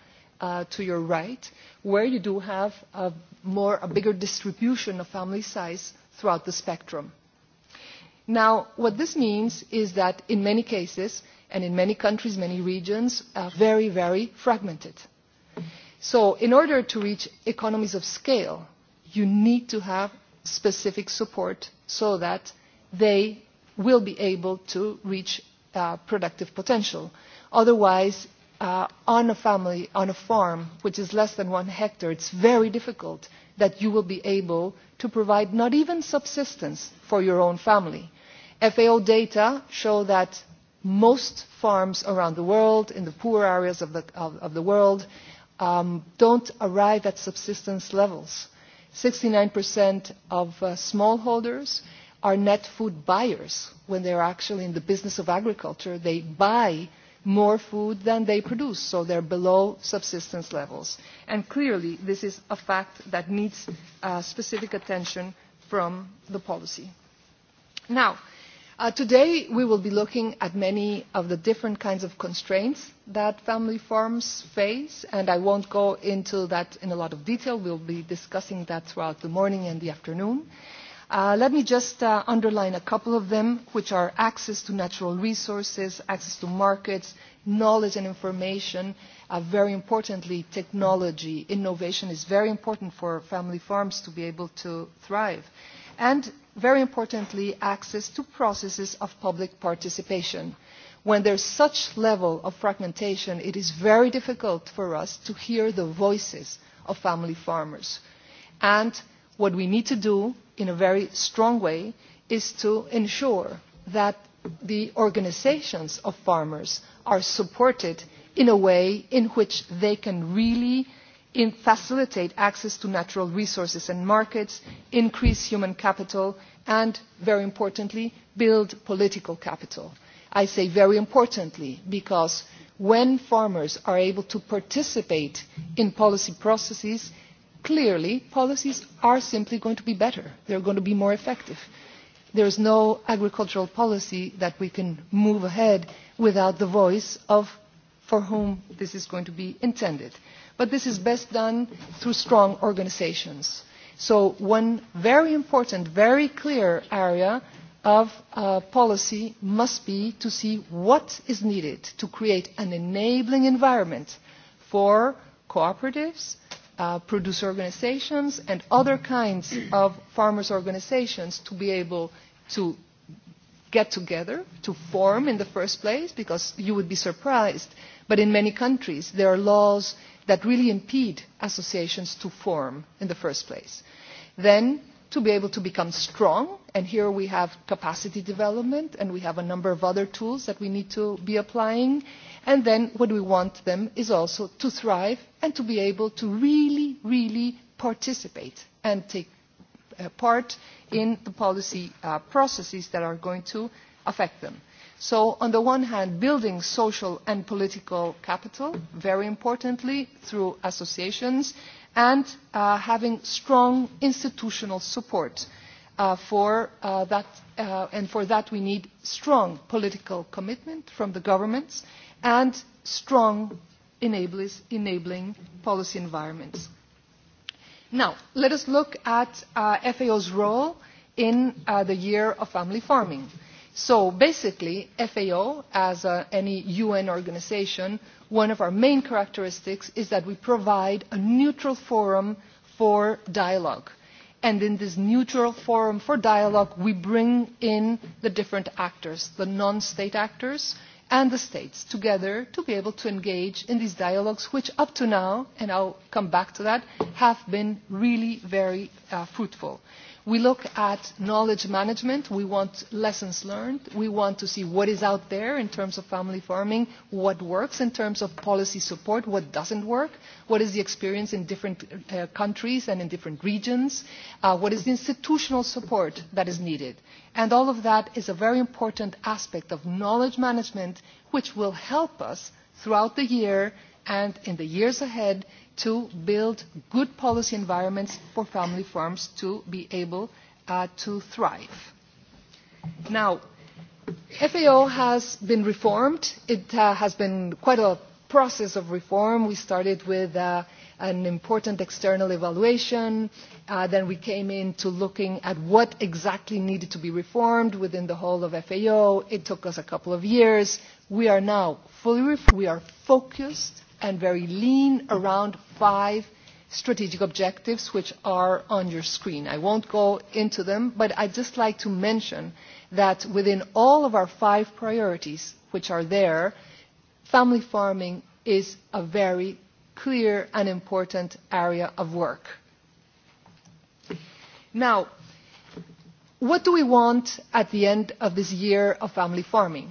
uh, to your right, where you do have a, more, a bigger distribution of family size throughout the spectrum Now, what this means is that in many cases, and in many countries, many regions, are very, very fragmented. So in order to reach economies of scale, you need to have specific support so that they will be able to reach uh, productive potential. Otherwise, uh, on a family, on a farm, which is less than one hectare, it's very difficult that you will be able to provide not even subsistence for your own family fao data show that most farms around the world, in the poor areas of the, of, of the world, um, don't arrive at subsistence levels. 69% of uh, smallholders are net food buyers when they're actually in the business of agriculture. They buy more food than they produce, so they're below subsistence levels. And clearly, this is a fact that needs uh, specific attention from the policy. Now, Uh, today, we will be looking at many of the different kinds of constraints that family farms face, and I won't go into that in a lot of detail. We'll be discussing that throughout the morning and the afternoon. Uh, let me just uh, underline a couple of them, which are access to natural resources, access to markets, knowledge and information, uh, very importantly, technology. Innovation is very important for family farms to be able to thrive. And very importantly, access to processes of public participation. When there's such level of fragmentation, it is very difficult for us to hear the voices of family farmers. And what we need to do in a very strong way is to ensure that the organizations of farmers are supported in a way in which they can really uh, in facilitate access to natural resources and markets increase human capital and very importantly build political capital. i say very importantly because when farmers are able to participate in policy processes clearly policies are simply going to be better they are going to be more effective. there is no agricultural policy that we can move ahead without the voice of for whom this is going to be intended. But this is best done through strong organizations. So one very important, very clear area of uh, policy must be to see what is needed to create an enabling environment for cooperatives, uh, producer organizations, and other kinds of farmers' organizations to be able to get together to form in the first place because you would be surprised but in many countries there are laws that really impede associations to form in the first place. Then to be able to become strong and here we have capacity development and we have a number of other tools that we need to be applying and then what we want them is also to thrive and to be able to really really participate and take Uh, part in the policy uh, processes that are going to affect them. So on the one hand, building social and political capital, very importantly, through associations, and uh, having strong institutional support uh, for uh, that, uh, and for that we need strong political commitment from the governments and strong enablers, enabling policy environments. Now, let us look at uh, FAO's role in uh, the year of family farming. So basically, FAO, as uh, any UN organization, one of our main characteristics is that we provide a neutral forum for dialogue. And in this neutral forum for dialogue, we bring in the different actors, the non-state actors, uh, and the states together to be able to engage in these dialogues which up to now and i will come back to that have been really very uh, fruitful. We look at knowledge management. We want lessons learned. We want to see what is out there in terms of family farming, what works in terms of policy support, what doesn't work, what is the experience in different uh, countries and in different regions, uh, what is the institutional support that is needed. And all of that is a very important aspect of knowledge management, which will help us throughout the year and in the years ahead to build good policy environments for family farms to be able uh, to thrive. Now, FAO has been reformed. It uh, has been quite a process of reform. We started with uh, an important external evaluation. Uh, then we came into looking at what exactly needed to be reformed within the whole of FAO. It took us a couple of years. We are now fully reformed. We are focused and very lean around five strategic objectives which are on your screen. I won't go into them, but I'd just like to mention that within all of our five priorities which are there, family farming is a very clear and important area of work. Now, what do we want at the end of this year of family farming?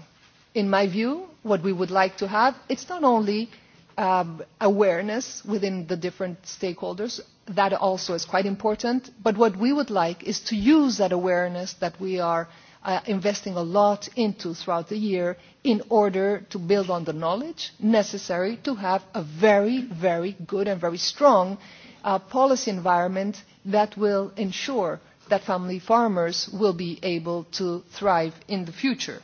In my view, what we would like to have, it's not only um, awareness within the different stakeholders. That also is quite important. But what we would like is to use that awareness that we are uh, investing a lot into throughout the year in order to build on the knowledge necessary to have a very, very good and very strong uh, policy environment that will ensure that family farmers will be able to thrive in the future.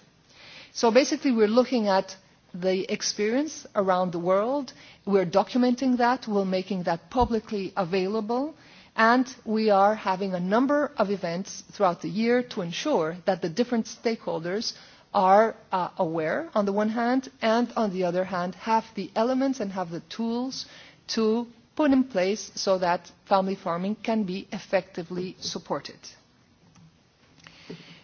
So basically we're looking at the experience around the world. We're documenting that. We're making that publicly available. And we are having a number of events throughout the year to ensure that the different stakeholders are uh, aware on the one hand and on the other hand have the elements and have the tools to put in place so that family farming can be effectively supported.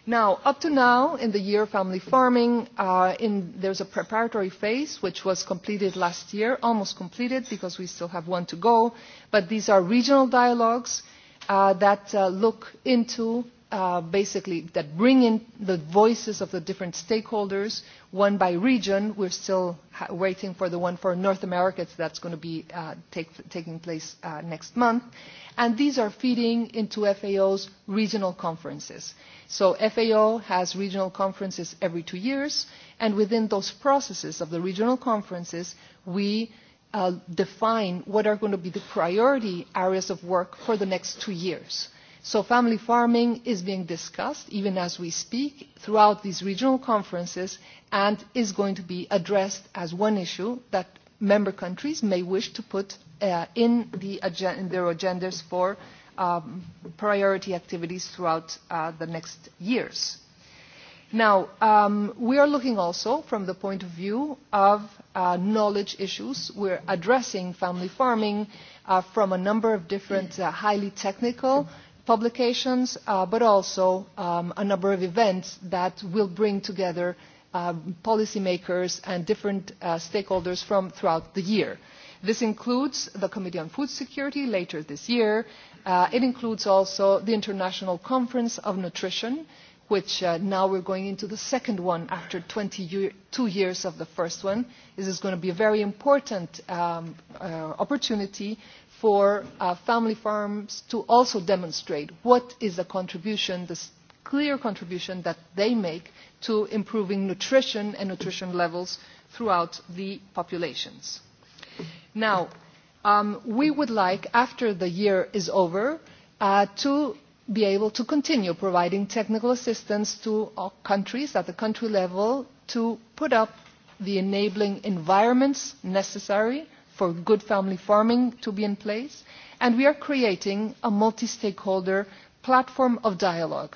Now, up to now, in the year family farming, uh, in, there's a preparatory phase which was completed last year, almost completed because we still have one to go, but these are regional dialogues uh, that uh, look into uh, basically that bring in the voices of the different stakeholders, one by region. We're still ha waiting for the one for North America, so that's going to be uh, take, taking place uh, next month. And these are feeding into FAO's regional conferences. So FAO has regional conferences every two years, and within those processes of the regional conferences, we uh, define what are going to be the priority areas of work for the next two years. Uh, So family farming is being discussed, even as we speak, throughout these regional conferences and is going to be addressed as one issue that member countries may wish to put uh, in, the agen in their agendas for um, priority activities throughout uh, the next years. Now, um, we are looking also from the point of view of uh, knowledge issues. We're addressing family farming uh, from a number of different uh, highly technical publications, uh, but also um, a number of events that will bring together um, policymakers and different uh, stakeholders from throughout the year. This includes the Committee on Food Security later this year. Uh, it includes also the International Conference of Nutrition, which uh, now we're going into the second one after 22 year, two years of the first one. This is going to be a very important um, uh, opportunity for uh, family farms to also demonstrate what is the contribution, the clear contribution that they make to improving nutrition and nutrition levels throughout the populations. Now, um, we would like, after the year is over, uh, to be able to continue providing technical assistance to all uh, countries at the country level to put up the enabling environments necessary for good family farming to be in place. And we are creating a multi-stakeholder platform of dialogue,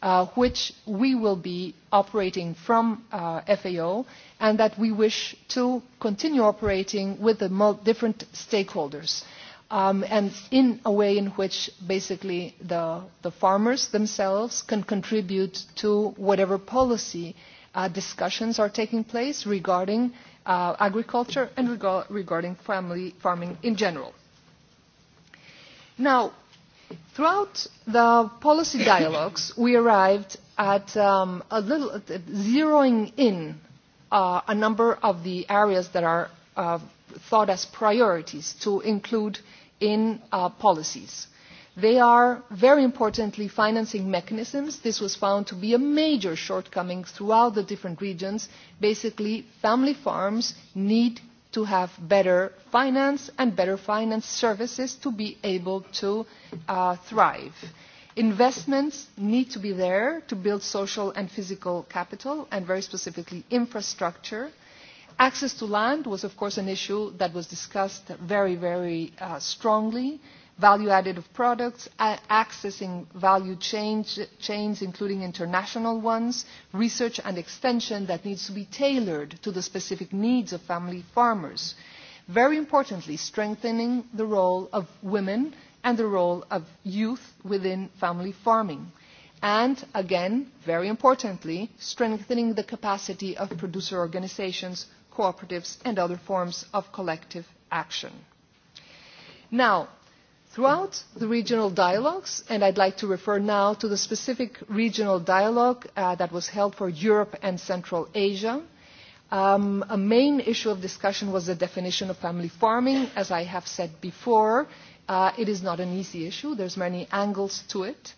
uh, which we will be operating from uh, FAO, and that we wish to continue operating with the mul- different stakeholders. Um, and in a way in which basically the, the farmers themselves can contribute to whatever policy uh, discussions are taking place regarding uh, uh, agriculture and reg regarding family farming in general. Now, throughout the policy [coughs] dialogues, we arrived at um, a little at zeroing in uh, a number of the areas that are uh, thought as priorities to include in uh, policies. They are, very importantly, financing mechanisms. This was found to be a major shortcoming throughout the different regions. Basically, family farms need to have better finance and better finance services to be able to uh, thrive. Investments need to be there to build social and physical capital and very specifically infrastructure. Access to land was of course an issue that was discussed very, very uh, strongly. Uh, value added of products, accessing value change, chains, including international ones, research and extension that needs to be tailored to the specific needs of family farmers. Very importantly, strengthening the role of women and the role of youth within family farming. And again, very importantly, strengthening the capacity of producer organizations, cooperatives, and other forms of collective action. Now, throughout the regional dialogues and i would like to refer now to the specific regional dialogue uh, that was held for europe and central asia um, a main issue of discussion was the definition of family farming. As I have said before, uh, it is not an easy issue. There's many angles to it.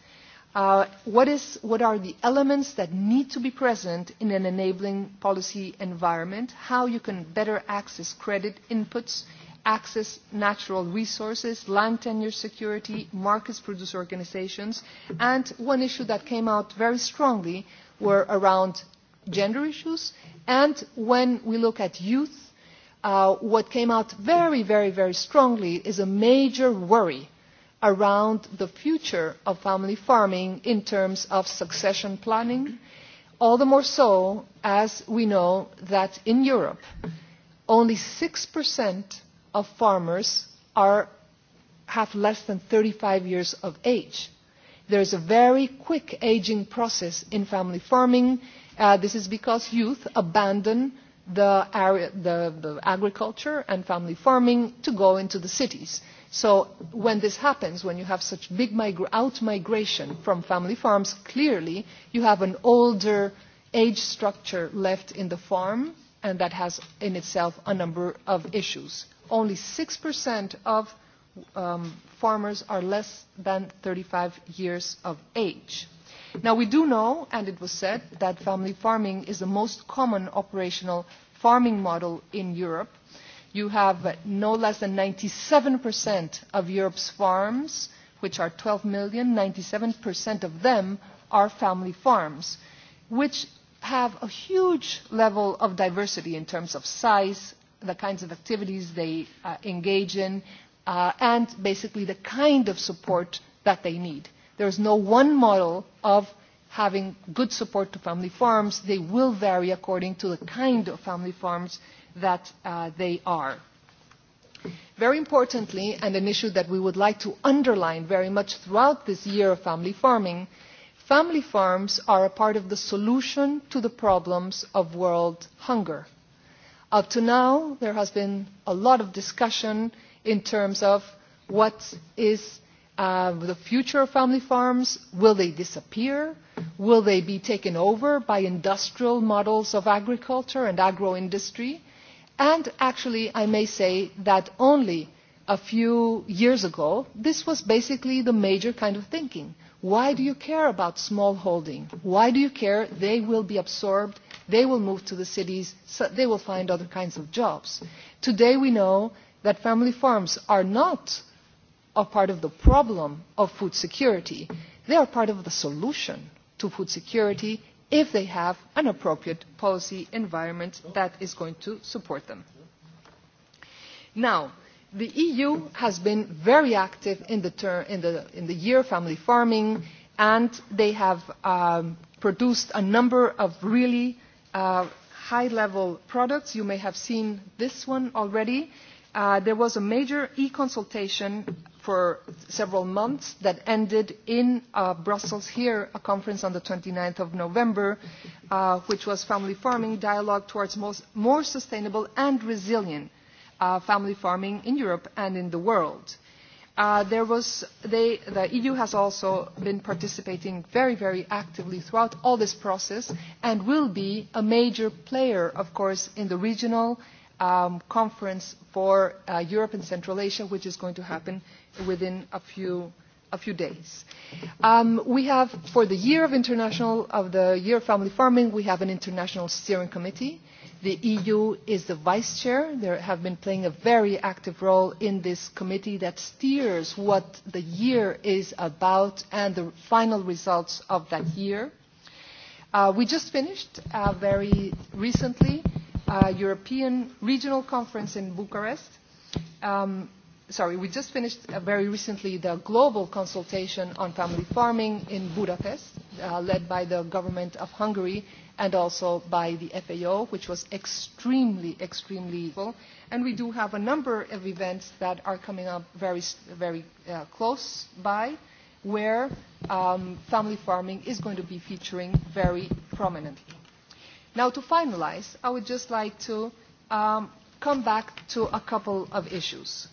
Uh, what, is, what are the elements that need to be present in an enabling policy environment? How you can better access credit inputs uh, access natural resources, land tenure security, markets produce organizations, and one issue that came out very strongly were around gender issues, and when we look at youth, uh, what came out very, very, very strongly is a major worry around the future of family farming in terms of succession planning, all the more so as we know that in Europe, only 6% of farmers are, have less than 35 years of age. There is a very quick aging process in family farming. Uh, this is because youth abandon the, area, the, the agriculture and family farming to go into the cities. So when this happens, when you have such big migra- out-migration from family farms, clearly you have an older age structure left in the farm, and that has in itself a number of issues only 6% of um, farmers are less than 35 years of age. Now, we do know, and it was said, that family farming is the most common operational farming model in Europe. You have no less than 97% of Europe's farms, which are 12 million, 97% of them are family farms, which have a huge level of diversity in terms of size, the kinds of activities they uh, engage in, uh, and basically the kind of support that they need. There is no one model of having good support to family farms. They will vary according to the kind of family farms that uh, they are. Very importantly, and an issue that we would like to underline very much throughout this year of family farming, family farms are a part of the solution to the problems of world hunger Up to now, there has been a lot of discussion in terms of what is uh, the future of family farms. Will they disappear? Will they be taken over by industrial models of agriculture and agro-industry? And actually, I may say that only a few years ago, this was basically the major kind of thinking. Why do you care about small holding? Why do you care they will be absorbed They will move to the cities. So they will find other kinds of jobs. Today we know that family farms are not a part of the problem of food security. They are part of the solution to food security if they have an appropriate policy environment that is going to support them. Now, the EU has been very active in the, ter- in the, in the year family farming, and they have um, produced a number of really uh, high-level products. You may have seen this one already. Uh, there was a major e-consultation for several months that ended in uh, Brussels here, a conference on the 29th of November, uh, which was Family Farming Dialogue Towards most, More Sustainable and Resilient uh, Family Farming in Europe and in the World. Uh, there was they, the EU has also been participating very, very actively throughout all this process and will be a major player, of course, in the regional um, conference for uh, Europe and Central Asia, which is going to happen within a few a few days. Um, we have, for the year of international of the year of family farming, we have an international steering committee uh, the eu is the vice chair they have been playing a very active role in this committee that steers what the year is about and the final results of that year. Uh, we just finished uh, very recently a uh, European regional conference in Bucharest. Um, sorry, we just finished uh, very recently the global consultation on family farming in Budapest, uh, led by the government of Hungary and also by the FAO, which was extremely, extremely full. And we do have a number of events that are coming up very, very uh, close by, where um, family farming is going to be featuring very prominently. Now, to finalize, I would just like to um, come back to a couple of issues.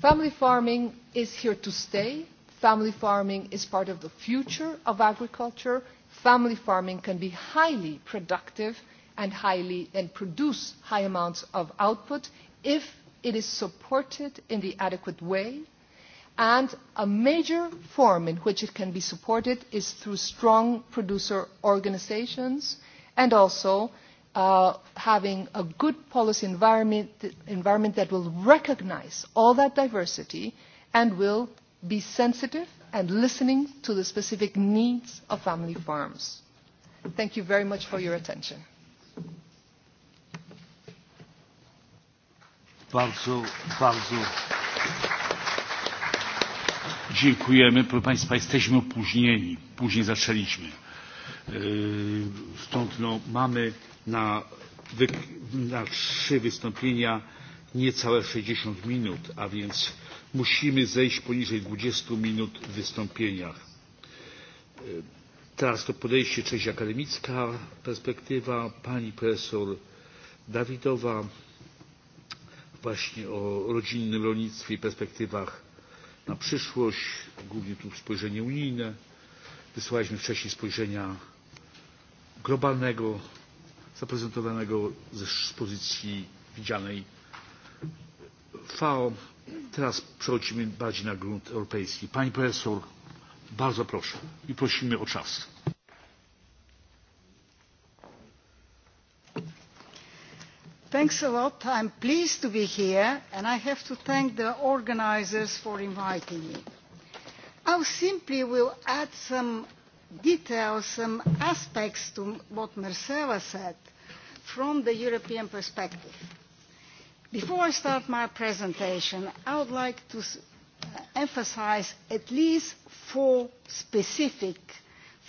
Family farming is here to stay. Family farming is part of the future of agriculture family farming can be highly productive and, highly, and produce high amounts of output if it is supported in the adequate way. And a major form in which it can be supported is through strong producer organizations and also uh, having a good policy environment, environment that will recognize all that diversity and will be sensitive and listening to the specific needs of family farms. Thank you very much for your attention. Bardzo, bardzo dziękujemy. Proszę Państwa, jesteśmy opóźnieni. Później zaczęliśmy. Stąd no, mamy na, na trzy wystąpienia niecałe 60 minut, a więc musimy zejść poniżej 20 minut w wystąpieniach. E, teraz to podejście, część akademicka, perspektywa pani profesor Dawidowa właśnie o rodzinnym rolnictwie i perspektywach na przyszłość, głównie tu spojrzenie unijne. Wysłaliśmy wcześniej spojrzenia globalnego, zaprezentowanego z pozycji widzianej FAO Teraz przechodzimy bardziej na grunt europejski. Pani profesor, bardzo proszę i prosimy o czas. Thanks a lot. I'm pleased to be here and I have to thank the organizers for inviting me. I simply will add some details, some aspects to what Marcela said from the European perspective Before I start my presentation, I would like to uh, emphasize at least four specific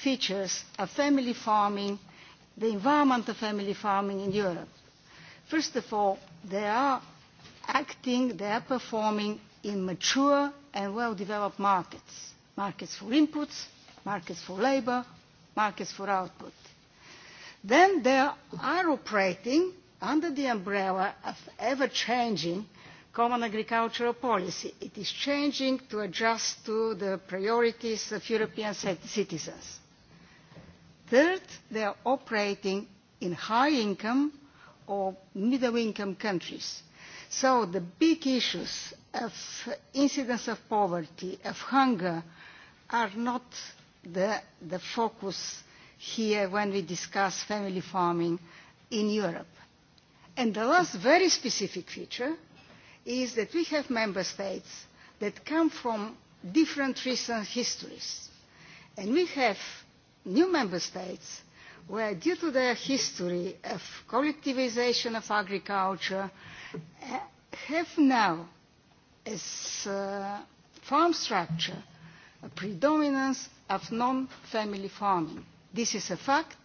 features of family farming, the environment of family farming in Europe. First of all, they are acting, they are performing in mature and well-developed markets. Markets for inputs, markets for labor, markets for output. Then they are operating under the umbrella of ever changing common agricultural policy. it is changing to adjust to the priorities of european citizens. third they are operating in high income or middle income countries. so the big issues of incidence of poverty of hunger are not the, the focus here when we discuss family farming in europe And the last very specific feature is that we have member states that come from different recent histories. And we have new member states where due to their history of collectivization of agriculture have now as uh, farm structure a predominance of non-family farming. This is a fact,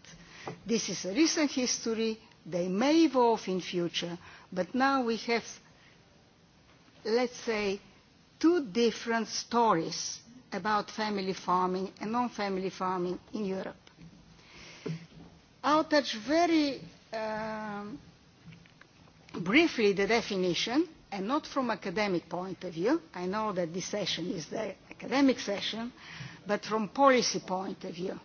this is a recent history, They may evolve in future, but now we have, let's say, two different stories about family farming and non-family farming in Europe. I'll touch very um, briefly the definition, and not from academic point of view. I know that this session is the academic session, but from policy point of view.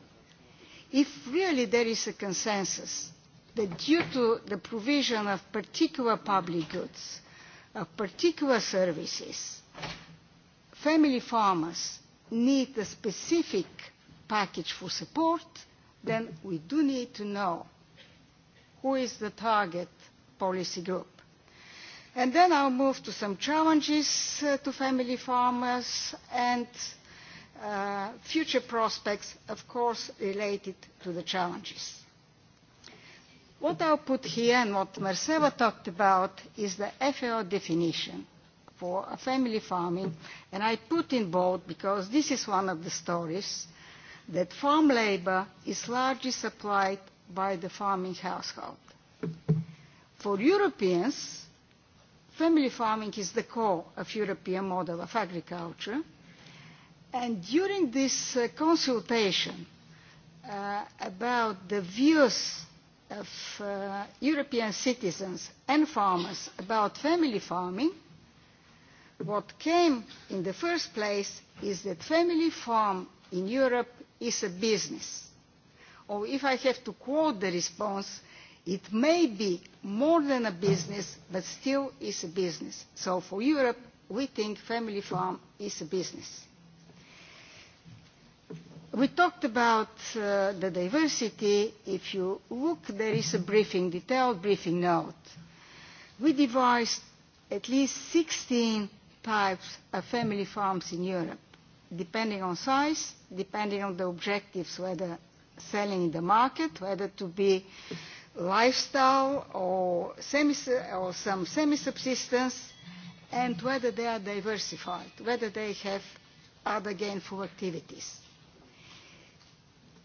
If really there is a consensus that due to the provision of particular public goods, of particular services, family farmers need a specific package for support, then we do need to know who is the target policy group. And then I'll move to some challenges uh, to family farmers and uh, future prospects, of course, related to the challenges. What I put here and what Marcelo talked about is the FAO definition for family farming, and I put in bold because this is one of the stories that farm labor is largely supplied by the farming household. For Europeans, family farming is the core of European model of agriculture, and during this uh, consultation uh, about the views of uh, European citizens and farmers about family farming, what came in the first place is that family farm in Europe is a business. Or if I have to quote the response, it may be more than a business, but still is a business. So for Europe, we think family farm is a business. We talked about uh, the diversity. If you look, there is a briefing, detailed briefing note. We devised at least 16 types of family farms in Europe, depending on size, depending on the objectives, whether selling in the market, whether to be lifestyle or, semi, or some semi-subsistence, and whether they are diversified, whether they have other gainful activities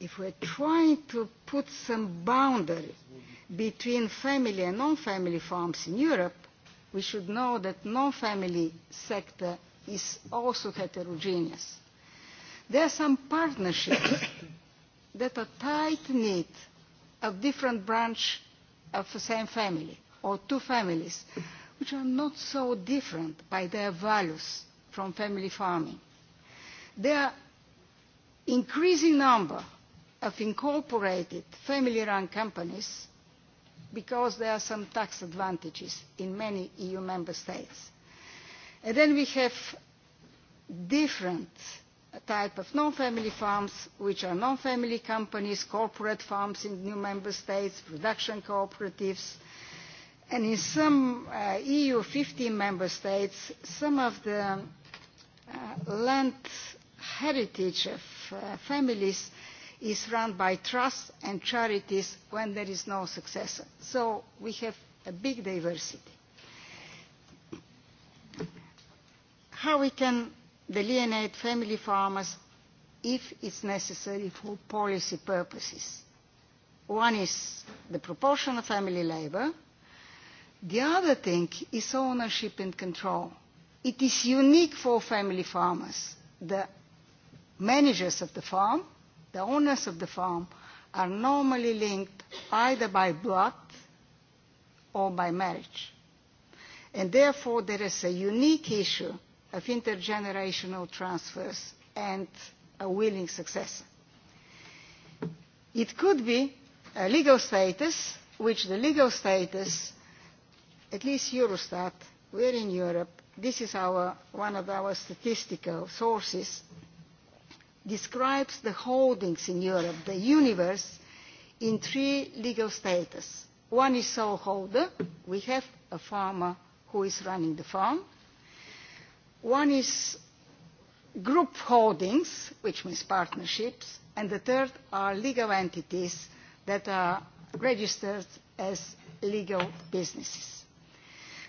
if we're trying to put some boundary between family and non-family farms in Europe, we should know that non-family sector is also heterogeneous. There are some partnerships [coughs] that are tight-knit of different branch of the same family or two families, which are not so different by their values from family farming. There are increasing number of incorporated family-run companies because there are some tax advantages in many EU member states. And then we have different type of non-family farms, which are non-family companies, corporate farms in new member states, production cooperatives. And in some uh, EU 15 member states, some of the uh, land heritage of uh, families is run by trusts and charities when there is no successor. So we have a big diversity. How we can delineate family farmers if it's necessary for policy purposes. One is the proportion of family labor. The other thing is ownership and control. It is unique for family farmers. The managers of the farm the owners of the farm are normally linked either by blood or by marriage. And therefore, there is a unique issue of intergenerational transfers and a willing successor. It could be a legal status, which the legal status, at least Eurostat, we're in Europe, this is our, one of our statistical sources, uh, describes the holdings in Europe, the universe, in three legal status. One is sole holder. We have a farmer who is running the farm. One is group holdings, which means partnerships, and the third are legal entities that are registered as legal businesses.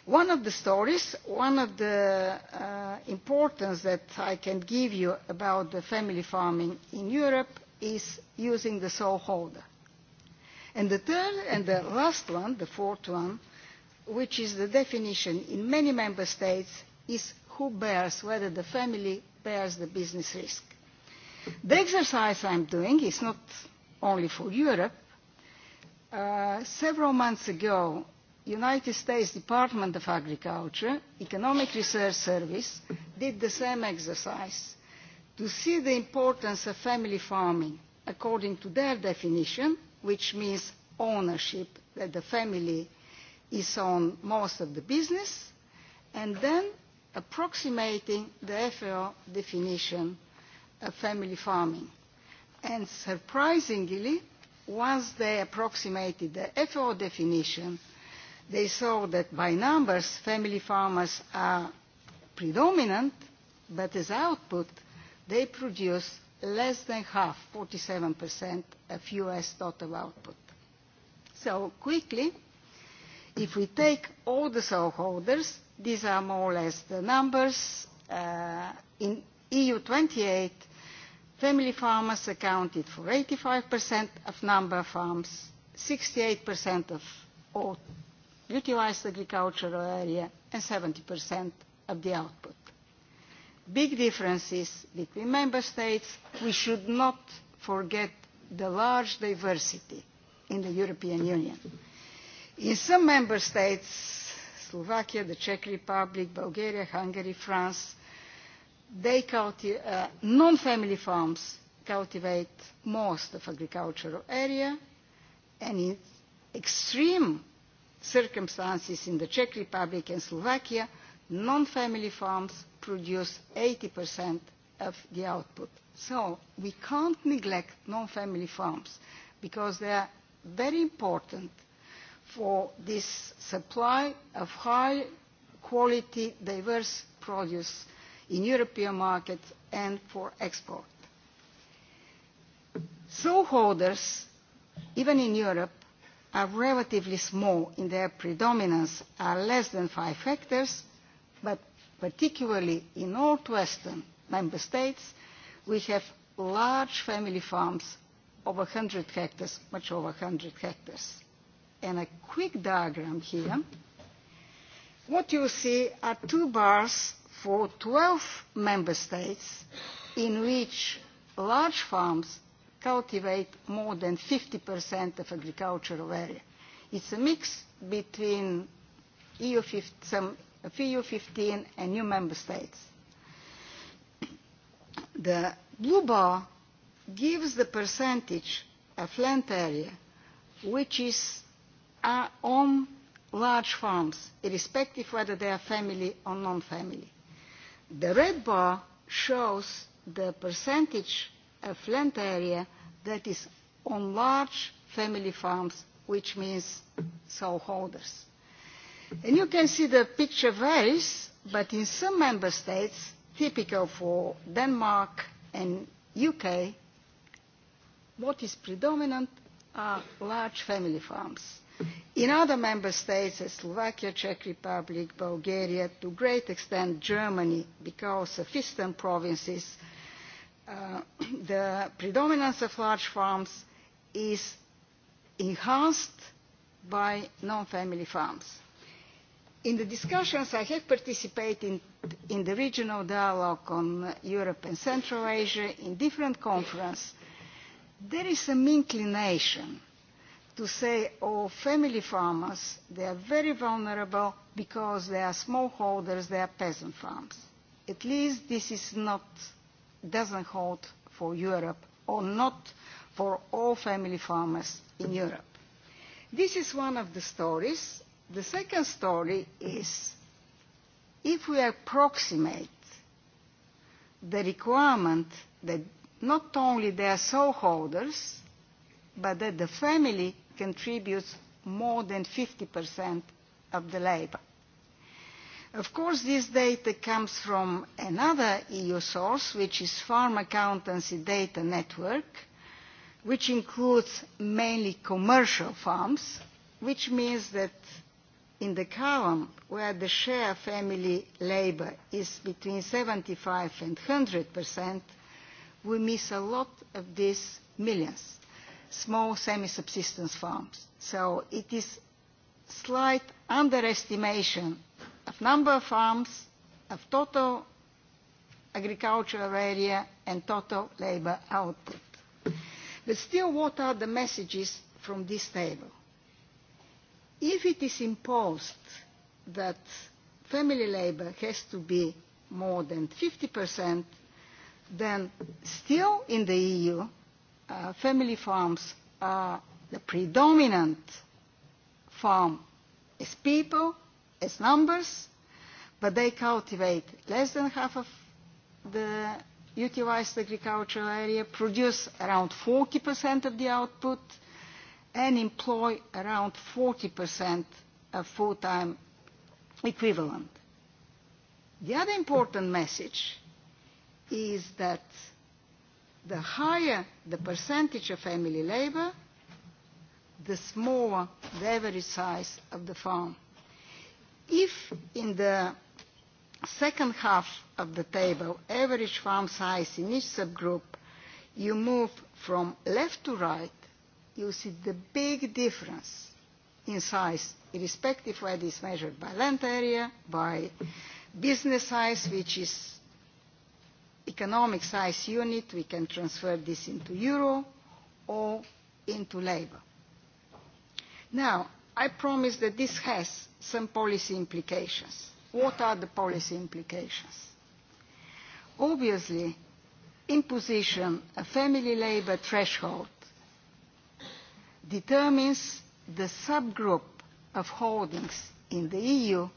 One of the stories, one of the uh, importance that I can give you about the family farming in Europe is using the sole holder. And the third and the last one, the fourth one, which is the definition in many member states, is who bears, whether the family bears the business risk. The exercise I'm doing is not only for Europe. Uh, several months ago, United States Department of Agriculture, Economic Research Service, did the same exercise to see the importance of family farming according to their definition, which means ownership, that the family is on most of the business, and then approximating the FAO definition of family farming. And surprisingly, once they approximated the FAO definition they saw that by numbers family farmers are predominant, but as output they produce less than half, 47% of US total output. So quickly, if we take all the sole holders, these are more or less the numbers. Uh, in EU28, family farmers accounted for 85% of number of farms, 68% of all utilized agricultural area and 70% of the output. Big differences between member states, we should not forget the large diversity in the European Union. In some member states, Slovakia, the Czech Republic, Bulgaria, Hungary, France, they culti- uh, non-family farms cultivate most of agricultural area and in extreme circumstances in the Czech Republic and Slovakia, non-family farms produce 80% of the output. So we can't neglect non-family farms because they are very important for this supply of high quality, diverse produce in European market and for export. Sole holders, even in Europe, are relatively small in their predominance are less than five hectares, but particularly in northwestern member states, we have large family farms over 100 hectares, much over 100 hectares. And a quick diagram here. What you see are two bars for 12 member states in which large farms cultivate more than 50% of agricultural area. It's a mix between EU 15, some of EU 15 and new member states. The blue bar gives the percentage of land area which is uh, on large farms, irrespective whether they are family or non-family. The red bar shows the percentage a flat area that is on large family farms, which means smallholders. And you can see the picture varies, but in some member states, typical for Denmark and UK, what is predominant are large family farms. In other member states, as Slovakia, Czech Republic, Bulgaria, to a great extent Germany, because of eastern provinces, uh, [clears throat] the predominance of large farms is enhanced by non-family farms. In the discussions I have participated in, in the regional dialogue on Europe and Central Asia in different conferences, there is an inclination to say, oh, family farmers, they are very vulnerable because they are smallholders, they are peasant farms. At least this is not doesn't hold for Europe or not for all family farmers in Europe. This is one of the stories. The second story is if we approximate the requirement that not only they are sole holders, but that the family contributes more than 50% of the labor. Of course, this data comes from another EU source, which is Farm Accountancy Data Network, which includes mainly commercial farms, which means that in the column where the share of family labour is between 75 and 100 percent, we miss a lot of these millions, small semi-subsistence farms. So it is slight underestimation of number of farms, of total agricultural area and total labour output. But still, what are the messages from this table? If it is imposed that family labour has to be more than 50%, then still in the EU, uh, family farms are the predominant farm is people as numbers, but they cultivate less than half of the utilised agricultural area, produce around 40% of the output, and employ around 40% of full-time equivalent. The other important message is that the higher the percentage of family labour, the smaller the average size of the farm if in the second half of the table, average farm size in each subgroup, you move from left to right, you see the big difference in size, irrespective whether it's measured by land area, by business size, which is economic size unit, we can transfer this into euro or into labor. Now, I promise that this has some policy implications. What are the policy implications? Obviously, imposition of family labour threshold determines the subgroup of holdings in the EU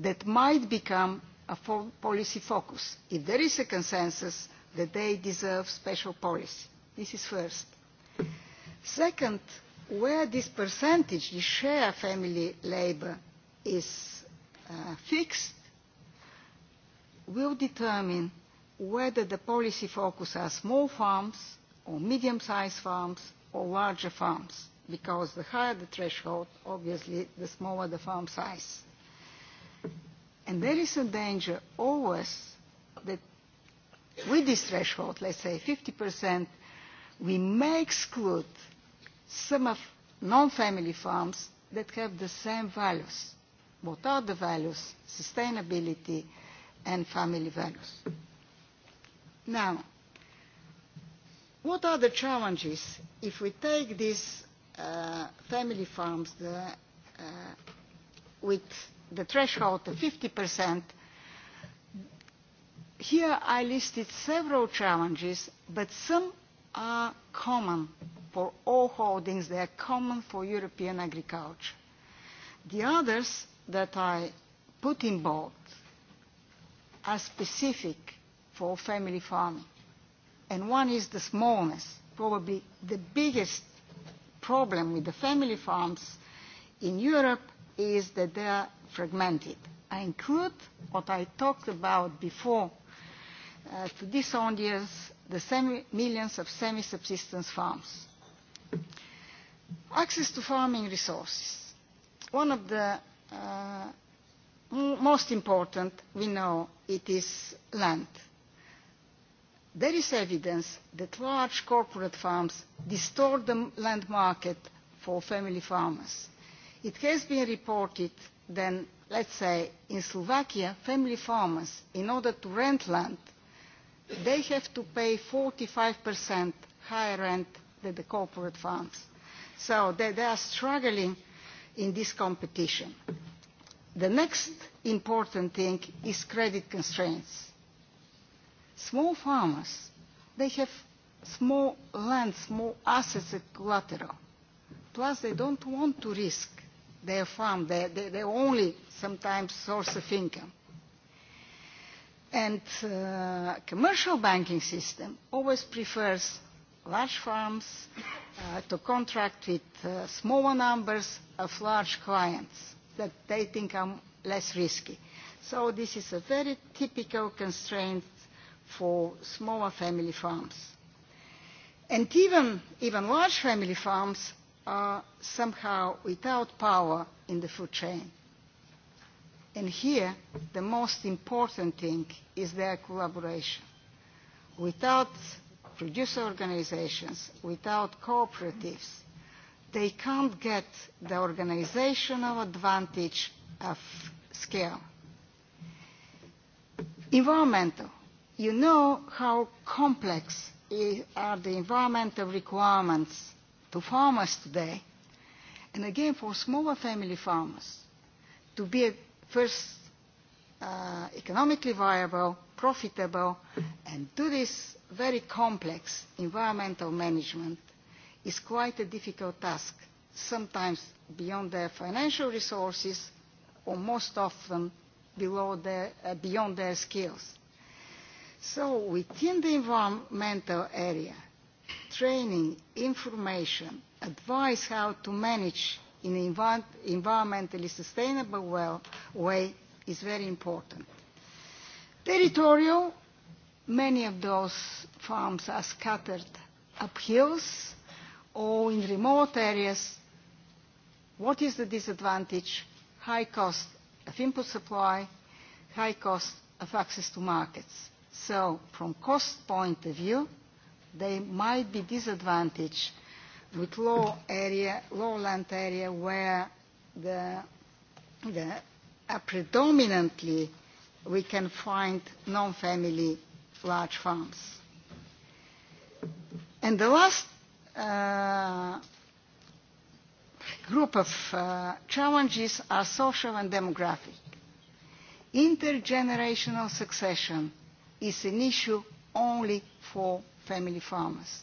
that might become a fo policy focus if there is a consensus that they deserve special policy. This is first. Second, where this percentage, the share family labor, is uh, fixed, will determine whether the policy focus are small farms or medium-sized farms or larger farms, because the higher the threshold, obviously, the smaller the farm size. And there is a danger always that with this threshold, let's say 50%, we may exclude some of non-family farms that have the same values. What are the values? Sustainability and family values. Now, what are the challenges if we take these uh, family farms the, uh, with the threshold of 50%? Here I listed several challenges, but some are common for four holdings that are common for European agriculture. The others that I put in bold are specific for family farming. And one is the smallness. Probably the biggest problem with the family farms in Europe is that they are fragmented. I include what I talked about before uh, to this audience, the semi millions of semi-subsistence farms. Access to farming resources. One of the uh, most important, we know, it is land. There is evidence that large corporate farms distort the land market for family farmers. It has been reported then, let's say, in Slovakia, family farmers, in order to rent land, they have to pay 45% higher rent than the corporate farms So they, they are struggling in this competition. The next important thing is credit constraints. Small farmers, they have small land, small assets at collateral. Plus, they don't want to risk their farm, their, their, their only sometimes source of income. And uh, commercial banking system always prefers large farms, uh, to contract with uh, smaller numbers of large clients that they think are less risky. So this is a very typical constraint for smaller family farms. And even, even large family farms are somehow without power in the food chain. And here, the most important thing is their collaboration. Without producer organizations, without cooperatives, they can't get the organizational advantage of scale. Environmental. You know how complex are the environmental requirements to farmers today. And again, for smaller family farmers, to be at first uh, economically viable, profitable, and do this very complex environmental management is quite a difficult task, sometimes beyond their financial resources or most often below their, uh, beyond their skills. So within the environmental area, training, information, advice how to manage in an envi environmentally sustainable well, way is very important. Territorial many of those farms are scattered up hills or in remote areas. What is the disadvantage? High cost of input supply, high cost of access to markets. So from cost point of view, they might be disadvantaged with low area, lowland area where the, the, uh, predominantly we can find non-family large farms. And the last uh, group of uh, challenges are social and demographic. Intergenerational succession is an issue only for family farmers.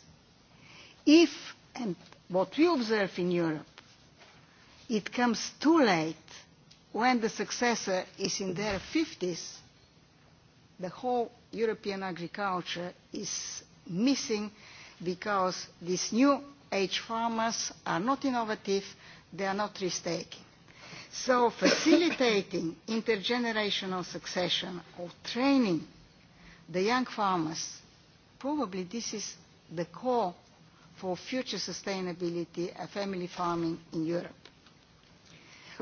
If, and what we observe in Europe, it comes too late when the successor is in their 50s, the whole European agriculture is missing because these new age farmers are not innovative, they are not risk-taking. So facilitating [laughs] intergenerational succession or training the young farmers, probably this is the core for future sustainability of family farming in Europe.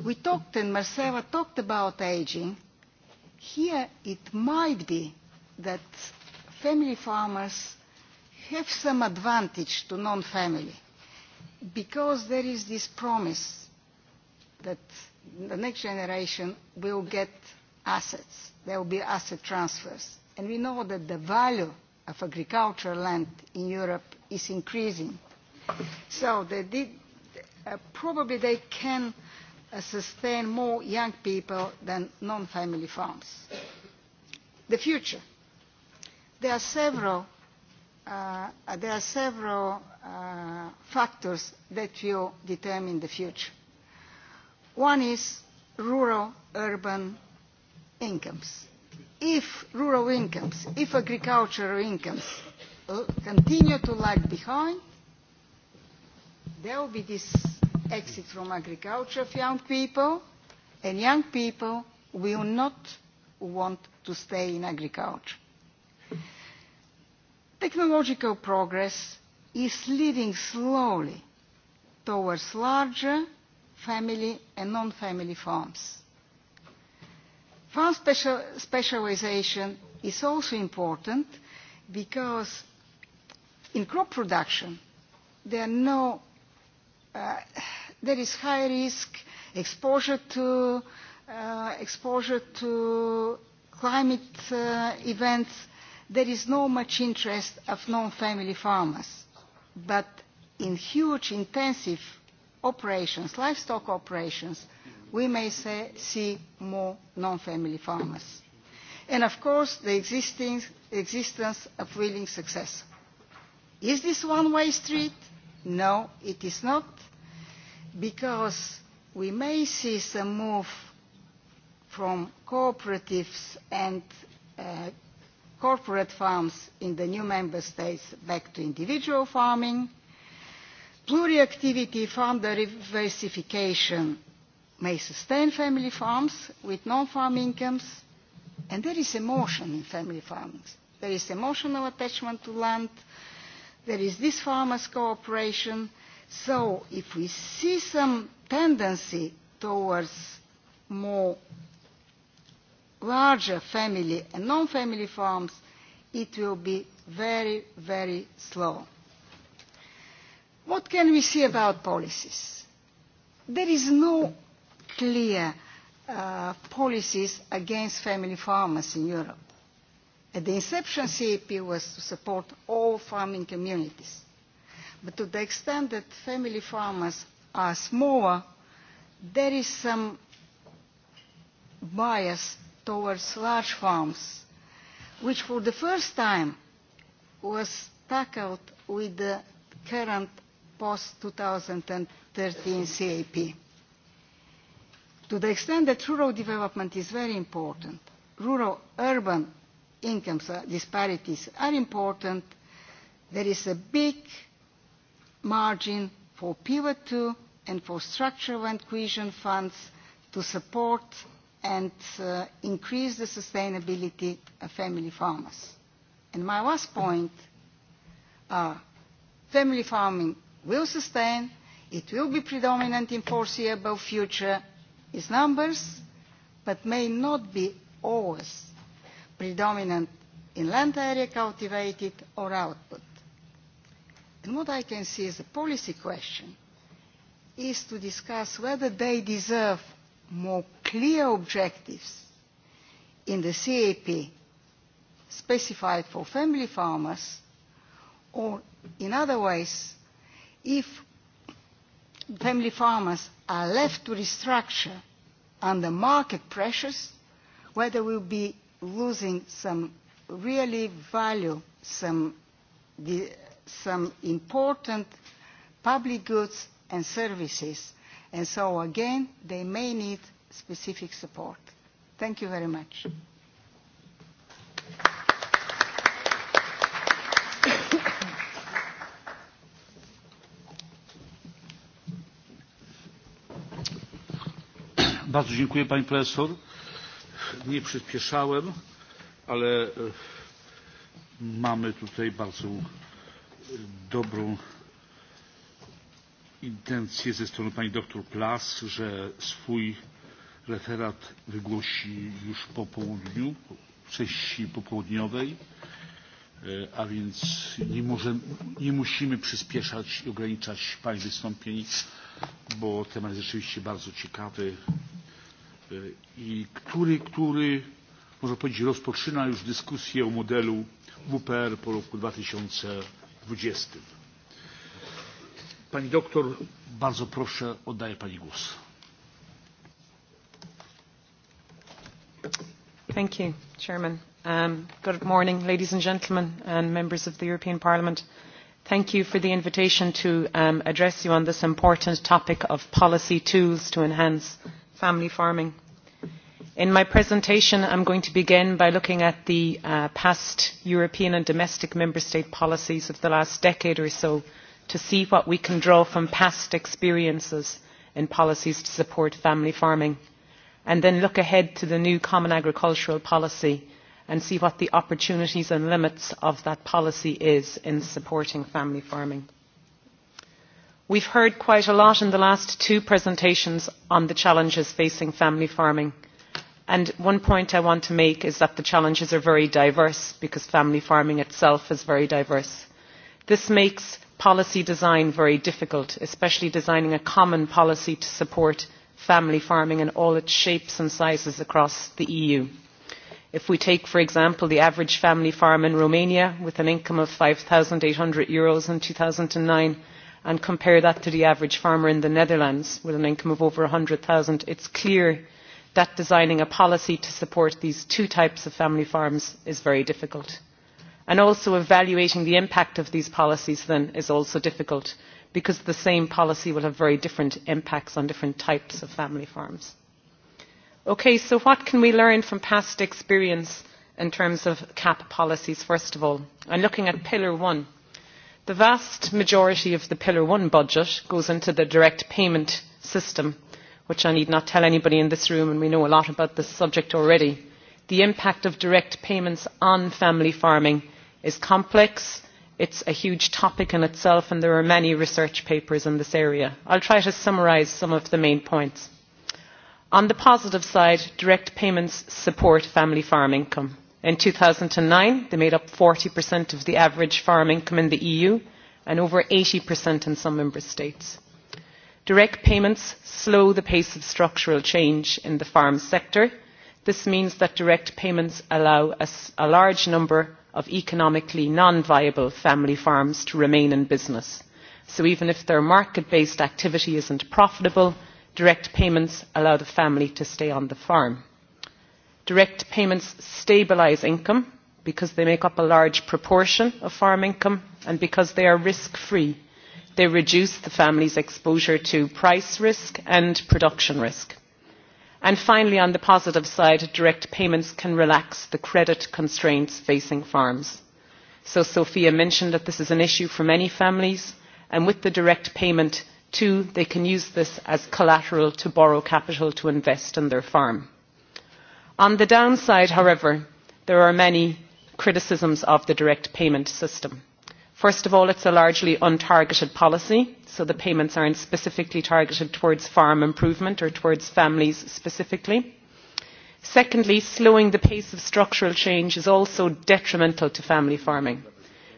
We talked, and Marcela talked about aging. Here it might be that family farmers have some advantage to non-family because there is this promise that the next generation will get assets. There will be asset transfers. And we know that the value of agricultural land in Europe is increasing. So they did, uh, probably they can uh, sustain more young people than non-family farms. The future – There are several, uh, there are several uh, factors that will determine the future. One is rural-urban incomes. If rural incomes, if agricultural incomes uh, continue to lag behind, there will be this exit from agriculture of young people, and young people will not want to stay in agriculture technological progress is leading slowly towards larger family and non-family farms. Farm special, specialization is also important because in crop production there, are no, uh, there is high risk exposure to, uh, exposure to climate uh, events there is not much interest of non-family farmers. But in huge intensive operations, livestock operations, we may say, see more non-family farmers. And of course, the existing, existence of willing successor. Is this one-way street? No, it is not, because we may see some move from cooperatives and uh, corporate farms in the new member states back to individual farming. Pluriactivity farm diversification may sustain family farms with non-farm incomes. And there is emotion in family farming. There is emotional attachment to land. There is this farmers' cooperation. So if we see some tendency towards more larger family and non-family farms, it will be very, very slow. What can we see about policies? There is no clear uh, policies against family farmers in Europe. At the inception, CAP was to support all farming communities. But to the extent that family farmers are smaller, there is some bias towards large farms, which for the first time was tackled with the current post-2013 CAP. To the extent that rural development is very important, rural-urban income disparities are important, there is a big margin for Pivot to and for structural and cohesion funds to support and uh, increase the sustainability of family farmers. And my last point, uh, family farming will sustain, it will be predominant in foreseeable future, its numbers, but may not be always predominant in land area cultivated or output. And what I can see as a policy question is to discuss whether they deserve more clear objectives in the CAP specified for family farmers, or in other ways, if family farmers are left to restructure under market pressures, whether we'll be losing some really value, some, the, some important public goods and services And so again, they may need specific support. Thank you very much. [coughs] Bardzo dziękuję pani profesor. Nie przyspieszałem, ale e, mamy tutaj bardzo dobrą intencję ze strony pani dr Plas, że swój referat wygłosi już po południu, w części popołudniowej, e, a więc nie, może, nie musimy przyspieszać i ograniczać pani wystąpień, bo temat jest rzeczywiście bardzo ciekawy e, i który, który można powiedzieć rozpoczyna już dyskusję o modelu WPR po roku 2020 Pani doktor, bardzo proszę, oddaję Pani głos. Thank you, Chairman. Um, good morning, ladies and gentlemen, and um, members of the European Parliament. Thank you for the invitation to um, address you on this important topic of policy tools to enhance family farming. In my presentation, I'm going to begin by looking at the uh, past European and domestic member state policies of the last decade or so to see what we can draw from past experiences in policies to support family farming and then look ahead to the new common agricultural policy and see what the opportunities and limits of that policy is in supporting family farming. We've heard quite a lot in the last two presentations on the challenges facing family farming. And one point I want to make is that the challenges are very diverse because family farming itself is very diverse. This makes policy design very difficult, especially designing a common policy to support family farming in all its shapes and sizes across the EU. If we take, for example, the average family farm in Romania with an income of €5,800 in 2009 and compare that to the average farmer in the Netherlands with an income of over 100,000, it's clear that designing a policy to support these two types of family farms is very difficult and also evaluating the impact of these policies then is also difficult because the same policy will have very different impacts on different types of family farms. Okay, so what can we learn from past experience in terms of cap policies, first of all? And looking at Pillar 1, the vast majority of the Pillar 1 budget goes into the direct payment system, which I need not tell anybody in this room, and we know a lot about this subject already. The impact of direct payments on family farming is complex it is a huge topic in itself and there are many research papers in this area. i will try to summarise some of the main points. on the positive side direct payments support family farm income. in two thousand and nine they made up forty of the average farm income in the eu and over eighty in some member states. direct payments slow the pace of structural change in the farm sector. this means that direct payments allow a, a large number of economically non-viable family farms to remain in business. So even if their market-based activity isn't profitable, direct payments allow the family to stay on the farm. Direct payments stabilise income because they make up a large proportion of farm income and because they are risk-free. They reduce the family's exposure to price risk and production risk And finally, on the positive side, direct payments can relax the credit constraints facing farms. So Sophia mentioned that this is an issue for many families, and with the direct payment too, they can use this as collateral to borrow capital to invest in their farm. On the downside, however, there are many criticisms of the direct payment system first of all it is a largely untargeted policy so the payments are not specifically targeted towards farm improvement or towards families specifically. secondly slowing the pace of structural change is also detrimental to family farming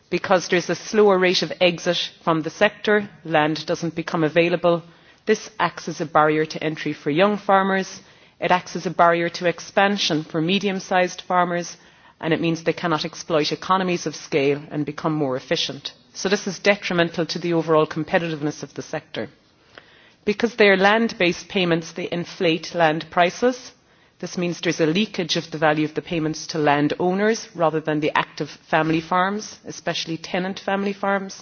because there is a slower rate of exit from the sector land does not become available this acts as a barrier to entry for young farmers it acts as a barrier to expansion for medium sized farmers and it means they cannot exploit economies of scale and become more efficient. So this is detrimental to the overall competitiveness of the sector. Because they are land-based payments, they inflate land prices. This means there's a leakage of the value of the payments to landowners rather than the active family farms, especially tenant family farms.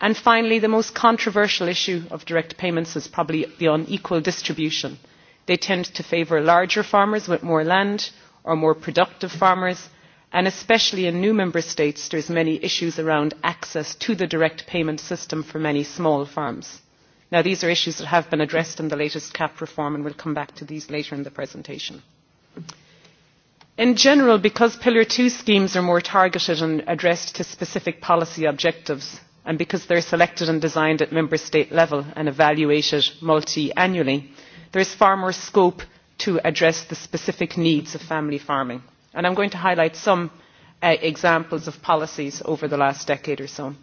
And finally, the most controversial issue of direct payments is probably the unequal distribution. They tend to favour larger farmers with more land, or more productive farmers and especially in new member states there are many issues around access to the direct payment system for many small farms. Now, these are issues that have been addressed in the latest cap reform and we will come back to these later in the presentation. in general because pillar two schemes are more targeted and addressed to specific policy objectives and because they are selected and designed at member state level and evaluated multiannually there is far more scope to address the specific needs of family farming. And I'm going to highlight some uh, examples of policies over the last decade or so.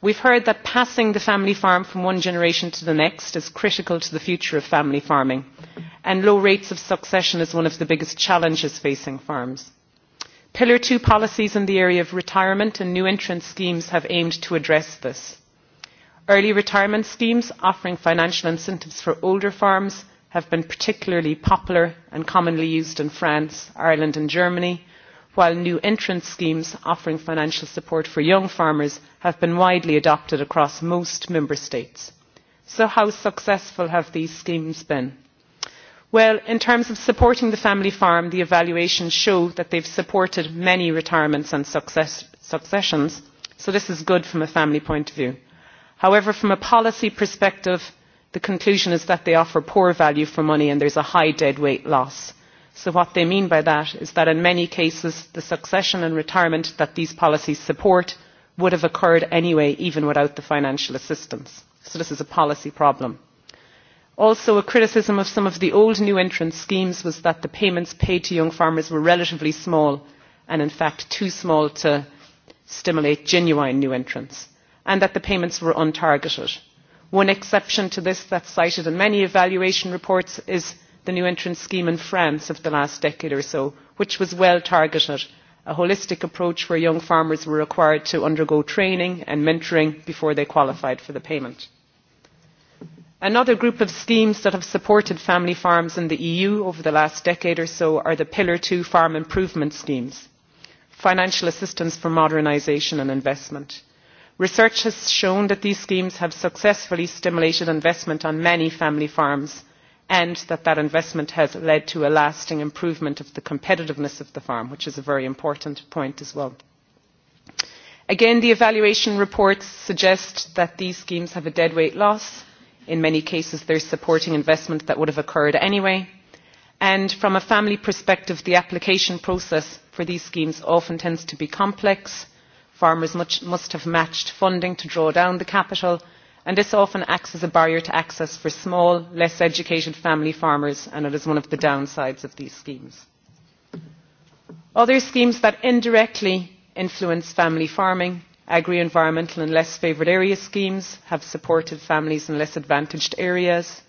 We've heard that passing the family farm from one generation to the next is critical to the future of family farming, and low rates of succession is one of the biggest challenges facing farms. Pillar 2 policies in the area of retirement and new entrant schemes have aimed to address this. Early retirement schemes offering financial incentives for older farms have been particularly popular and commonly used in France, Ireland and Germany, while new entrant schemes offering financial support for young farmers have been widely adopted across most member states. So how successful have these schemes been? Well, in terms of supporting the family farm, the evaluations show that they've supported many retirements and success, successions, so this is good from a family point of view. However, from a policy perspective, the conclusion is that they offer poor value for money and there is a high deadweight loss. so what they mean by that is that in many cases the succession and retirement that these policies support would have occurred anyway even without the financial assistance. so this is a policy problem. also a criticism of some of the old new entrant schemes was that the payments paid to young farmers were relatively small and in fact too small to stimulate genuine new entrants and that the payments were untargeted one exception to this that is cited in many evaluation reports is the new entrants scheme in france of the last decade or so which was well targeted a holistic approach where young farmers were required to undergo training and mentoring before they qualified for the payment. another group of schemes that have supported family farms in the eu over the last decade or so are the pillar two farm improvement schemes financial assistance for modernisation and investment research has shown that these schemes have successfully stimulated investment on many family farms and that that investment has led to a lasting improvement of the competitiveness of the farm which is a very important point as well. again the evaluation reports suggest that these schemes have a deadweight loss in many cases they are supporting investment that would have occurred anyway and from a family perspective the application process for these schemes often tends to be complex farmers much, must have matched funding to draw down the capital and this often acts as a barrier to access for small less educated family farmers and it is one of the downsides of these schemes. other schemes that indirectly influence family farming agri environmental and less favoured area schemes have supported families in less advantaged areas.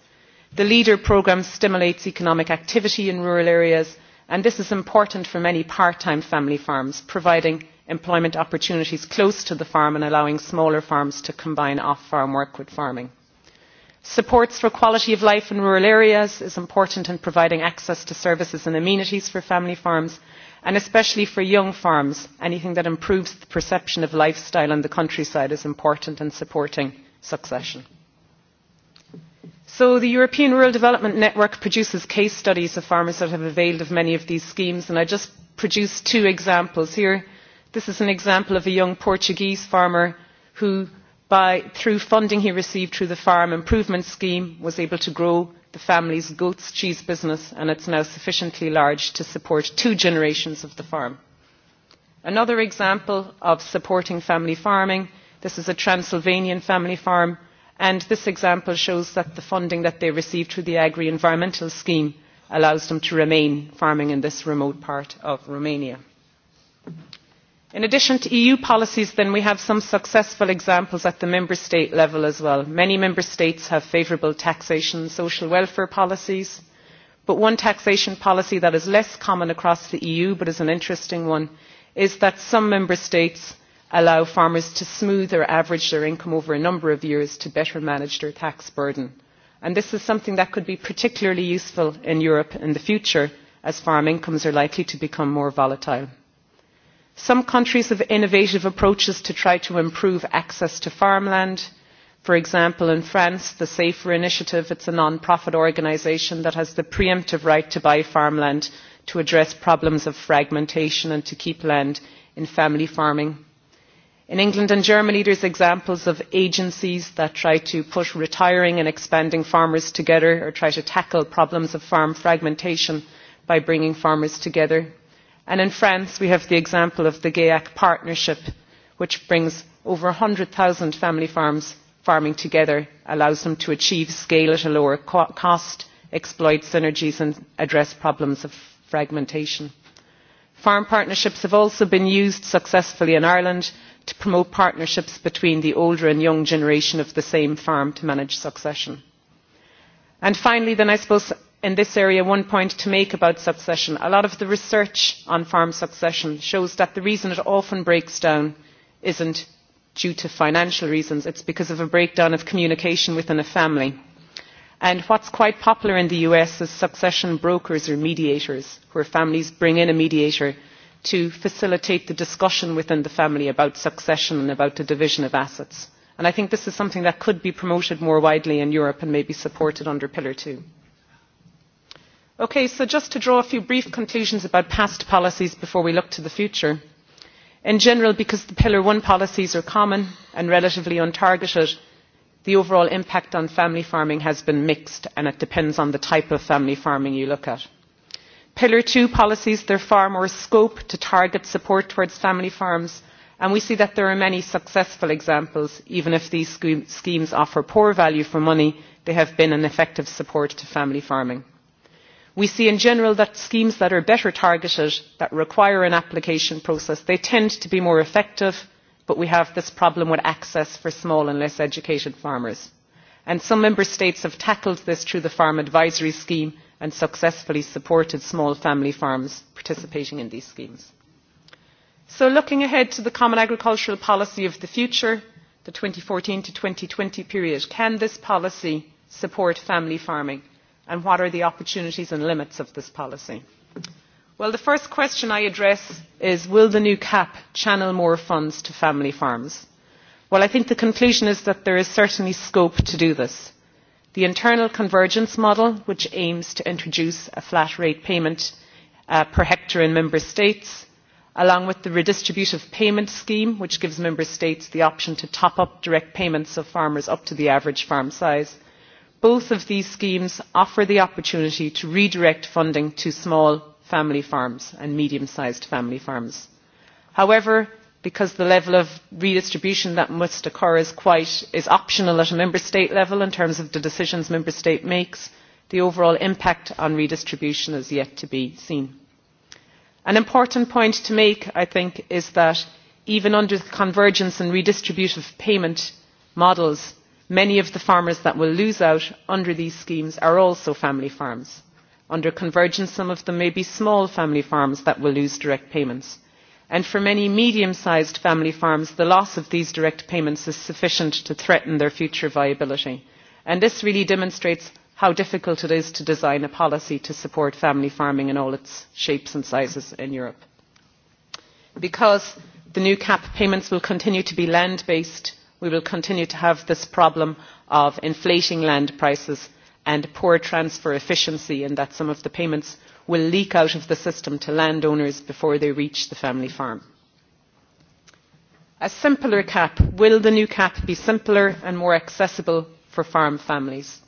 the leader programme stimulates economic activity in rural areas and this is important for many part time family farms providing employment opportunities close to the farm and allowing smaller farms to combine off farm work with farming. Supports for quality of life in rural areas is important in providing access to services and amenities for family farms and especially for young farms anything that improves the perception of lifestyle in the countryside is important in supporting succession. So the European Rural Development Network produces case studies of farmers that have availed of many of these schemes and I just produced two examples here this is an example of a young portuguese farmer who by, through funding he received through the farm improvement scheme was able to grow the family's goat's cheese business and it is now sufficiently large to support two generations of the farm. another example of supporting family farming this is a transylvanian family farm and this example shows that the funding that they received through the agri environmental scheme allows them to remain farming in this remote part of romania in addition to eu policies we have some successful examples at the member state level as well. many member states have favourable taxation and social welfare policies but one taxation policy that is less common across the eu but is an interesting one is that some member states allow farmers to smooth or average their income over a number of years to better manage their tax burden. And this is something that could be particularly useful in europe in the future as farm incomes are likely to become more volatile some countries have innovative approaches to try to improve access to farmland for example in france the safer initiative is a non profit organisation that has the pre emptive right to buy farmland to address problems of fragmentation and to keep land in family farming. in england and germany there are examples of agencies that try to put retiring and expanding farmers together or try to tackle problems of farm fragmentation by bringing farmers together and in france we have the example of the gaeac partnership which brings over one hundred zero family farms farming together allows them to achieve scale at a lower cost exploit synergies and address problems of fragmentation. farm partnerships have also been used successfully in ireland to promote partnerships between the older and young generation of the same farm to manage succession. and finally then i suppose in this area one point to make about succession a lot of the research on farm succession shows that the reason it often breaks down is not due to financial reasons it is because of a breakdown of communication within a family. what is quite popular in the us is succession brokers or mediators where families bring in a mediator to facilitate the discussion within the family about succession and about the division of assets. i think this is something that could be promoted more widely in europe and maybe supported under pillar two. Okay, so just to draw a few brief conclusions about past policies before we look to the future in general because the pillar one policies are common and relatively untargeted the overall impact on family farming has been mixed and it depends on the type of family farming you look at. pillar two policies there is far more scope to target support towards family farms and we see that there are many successful examples even if these schemes offer poor value for money they have been an effective support to family farming we see in general that schemes that are better targeted that require an application process tend to be more effective but we have this problem with access for small and less educated farmers. And some member states have tackled this through the farm advisory scheme and successfully supported small family farms participating in these schemes. so looking ahead to the common agricultural policy of the future the two thousand and fourteen two thousand and twenty period can this policy support family farming? and what are the opportunities and limits of this policy? Well, the first question I address is, will the new cap channel more funds to family farms? Well, I think the conclusion is that there is certainly scope to do this. The internal convergence model, which aims to introduce a flat rate payment uh, per hectare in member states, along with the redistributive payment scheme, which gives member states the option to top up direct payments of farmers up to the average farm size, both of these schemes offer the opportunity to redirect funding to small family farms and medium sized family farms. however because the level of redistribution that must occur is, quite, is optional at a member state level in terms of the decisions member state makes the overall impact on redistribution is yet to be seen. an important point to make i think is that even under the convergence and redistributive payment models many of the farmers that will lose out under these schemes are also family farms. under convergence some of them may be small family farms that will lose direct payments and for many medium sized family farms the loss of these direct payments is sufficient to threaten their future viability and this really demonstrates how difficult it is to design a policy to support family farming in all its shapes and sizes in europe. because the new cap payments will continue to be land based we will continue to have this problem of inflating land prices and poor transfer efficiency in that some of the payments will leak out of the system to landowners before they reach the family farm. A simpler cap. Will the new cap be simpler and more accessible for farm families?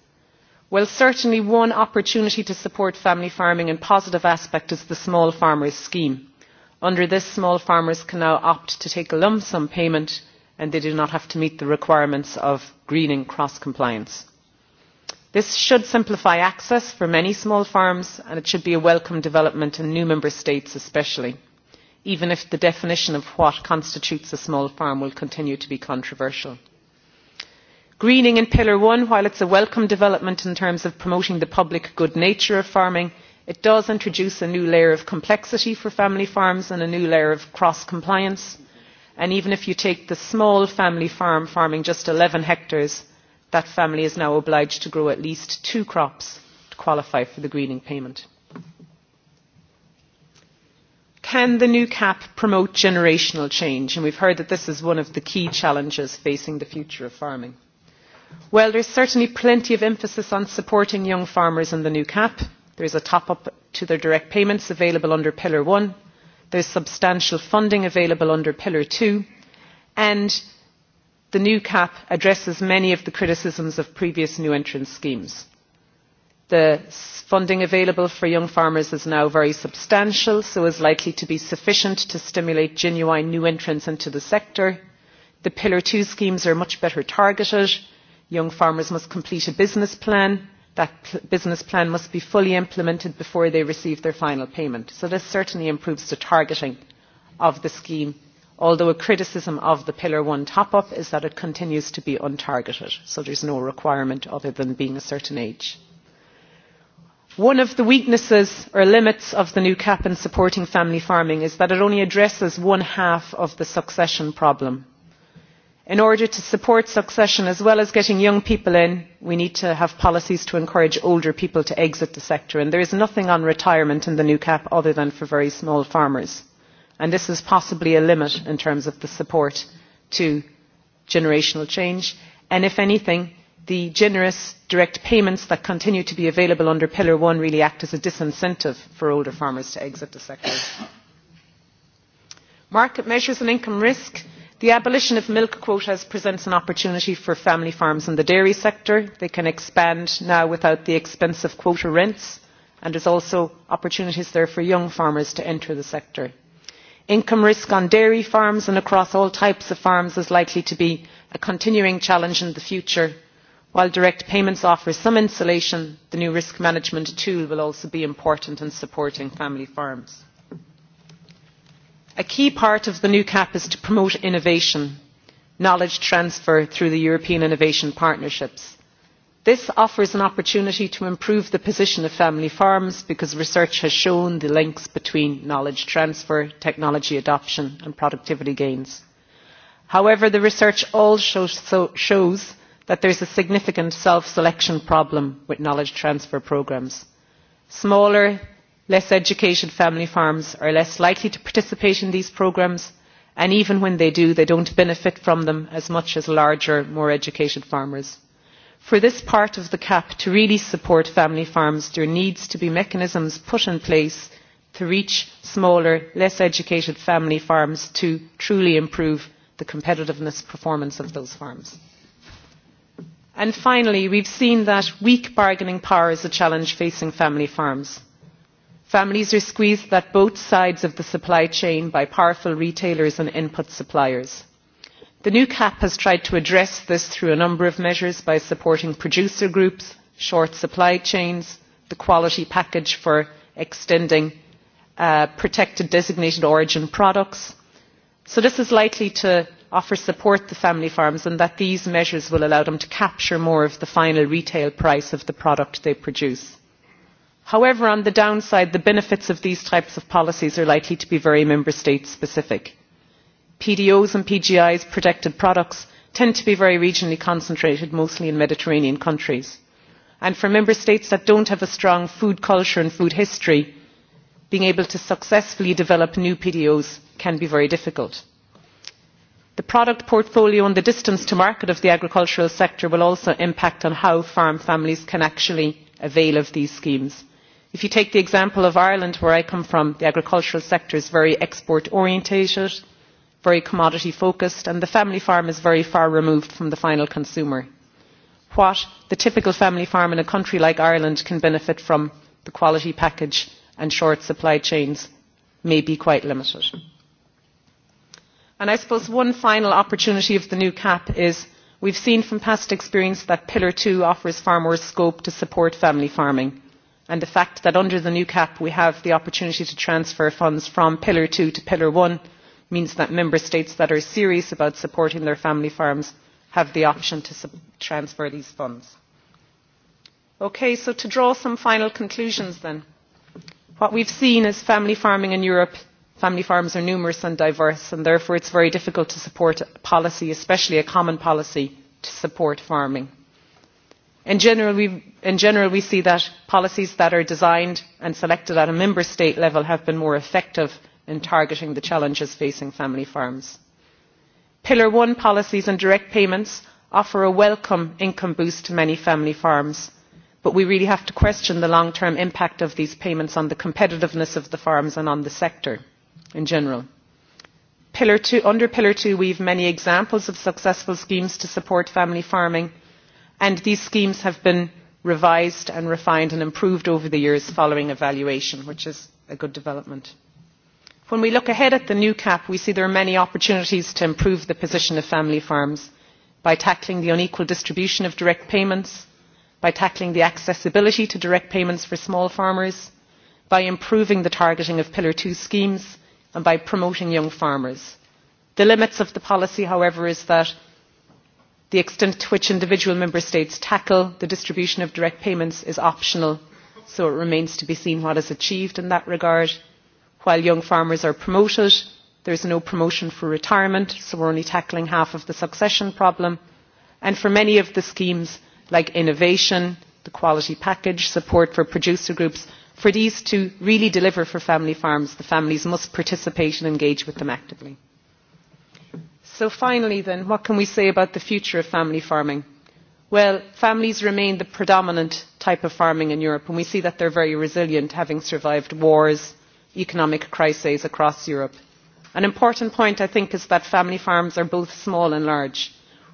Well, certainly one opportunity to support family farming and positive aspect is the Small Farmers Scheme. Under this, small farmers can now opt to take a lump sum payment and they do not have to meet the requirements of greening cross compliance. This should simplify access for many small farms and it should be a welcome development in new member states especially, even if the definition of what constitutes a small farm will continue to be controversial. Greening in Pillar 1, while it's a welcome development in terms of promoting the public good nature of farming, it does introduce a new layer of complexity for family farms and a new layer of cross compliance and even if you take the small family farm farming just eleven hectares that family is now obliged to grow at least two crops to qualify for the greening payment. Can the new CAP promote generational change? And we've heard that this is one of the key challenges facing the future of farming. Well, there's certainly plenty of emphasis on supporting young farmers in the new CAP. There is a top-up to their direct payments available under Pillar 1 there is substantial funding available under pillar two and the new cap addresses many of the criticisms of previous new entrant schemes. the funding available for young farmers is now very substantial so is likely to be sufficient to stimulate genuine new entrants into the sector. the pillar two schemes are much better targeted young farmers must complete a business plan that business plan must be fully implemented before they receive their final payment. So this certainly improves the targeting of the scheme, although a criticism of the Pillar 1 top-up is that it continues to be untargeted, so there's no requirement other than being a certain age. One of the weaknesses or limits of the new cap in supporting family farming is that it only addresses one half of the succession problem in order to support succession as well as getting young people in we need to have policies to encourage older people to exit the sector and there is nothing on retirement in the new cap other than for very small farmers and this is possibly a limit in terms of the support to generational change and if anything the generous direct payments that continue to be available under pillar one really act as a disincentive for older farmers to exit the sector. market measures and income risk the abolition of milk quotas presents an opportunity for family farms in the dairy sector they can expand now without the expense of quota rents and there are also opportunities there for young farmers to enter the sector. income risk on dairy farms and across all types of farms is likely to be a continuing challenge in the future. while direct payments offer some insulation the new risk management tool will also be important in supporting family farms a key part of the new cap is to promote innovation knowledge transfer through the european innovation partnerships. this offers an opportunity to improve the position of family farms because research has shown the links between knowledge transfer technology adoption and productivity gains. however the research also shows that there is a significant self selection problem with knowledge transfer programmes. smaller less educated family farms are less likely to participate in these programmes and even when they do they do not benefit from them as much as larger more educated farmers. for this part of the cap to really support family farms there needs to be mechanisms put in place to reach smaller less educated family farms to truly improve the competitiveness performance of those farms. And finally we have seen that weak bargaining power is a challenge facing family farms families are squeezed at both sides of the supply chain by powerful retailers and input suppliers. the new cap has tried to address this through a number of measures by supporting producer groups short supply chains the quality package for extending uh, protected designated origin products so this is likely to offer support to family farms and that these measures will allow them to capture more of the final retail price of the product they produce however on the downside the benefits of these types of policies are likely to be very member state specific. pdos and pgis protected products tend to be very regionally concentrated mostly in mediterranean countries and for member states that do not have a strong food culture and food history being able to successfully develop new pdos can be very difficult. the product portfolio and the distance to market of the agricultural sector will also impact on how farm families can actually avail of these schemes if you take the example of ireland where i come from the agricultural sector is very export orientated very commodity focused and the family farm is very far removed from the final consumer. what the typical family farm in a country like ireland can benefit from the quality package and short supply chains may be quite limited. And i suppose one final opportunity of the new cap is we have seen from past experience that pillar two offers farmers scope to support family farming and the fact that under the new cap we have the opportunity to transfer funds from pillar two to pillar one means that member states that are serious about supporting their family farms have the option to transfer these funds. Okay, so to draw some final conclusions then what we have seen is family farming in europe family farms are numerous and diverse and therefore it is very difficult to support a policy especially a common policy to support farming in general we see that policies that are designed and selected at a member state level have been more effective in targeting the challenges facing family farms. pillar one policies and direct payments offer a welcome income boost to many family farms but we really have to question the long term impact of these payments on the competitiveness of the farms and on the sector in general. Pillar two, under pillar two we have many examples of successful schemes to support family farming and these schemes have been revised and refined and improved over the years following evaluation which is a good development. when we look ahead at the new cap we see there are many opportunities to improve the position of family farms by tackling the unequal distribution of direct payments by tackling the accessibility to direct payments for small farmers by improving the targeting of pillar two schemes and by promoting young farmers. the limits of the policy however is that the extent to which individual member states tackle the distribution of direct payments is optional so it remains to be seen what is achieved in that regard. while young farmers are promoted there is no promotion for retirement so we are only tackling half of the succession problem and for many of the schemes like innovation the quality package support for producer groups for these to really deliver for family farms the families must participate and engage with them actively so finally then what can we say about the future of family farming? well families remain the predominant type of farming in europe and we see that they are very resilient having survived wars economic crises across europe. an important point i think is that family farms are both small and large.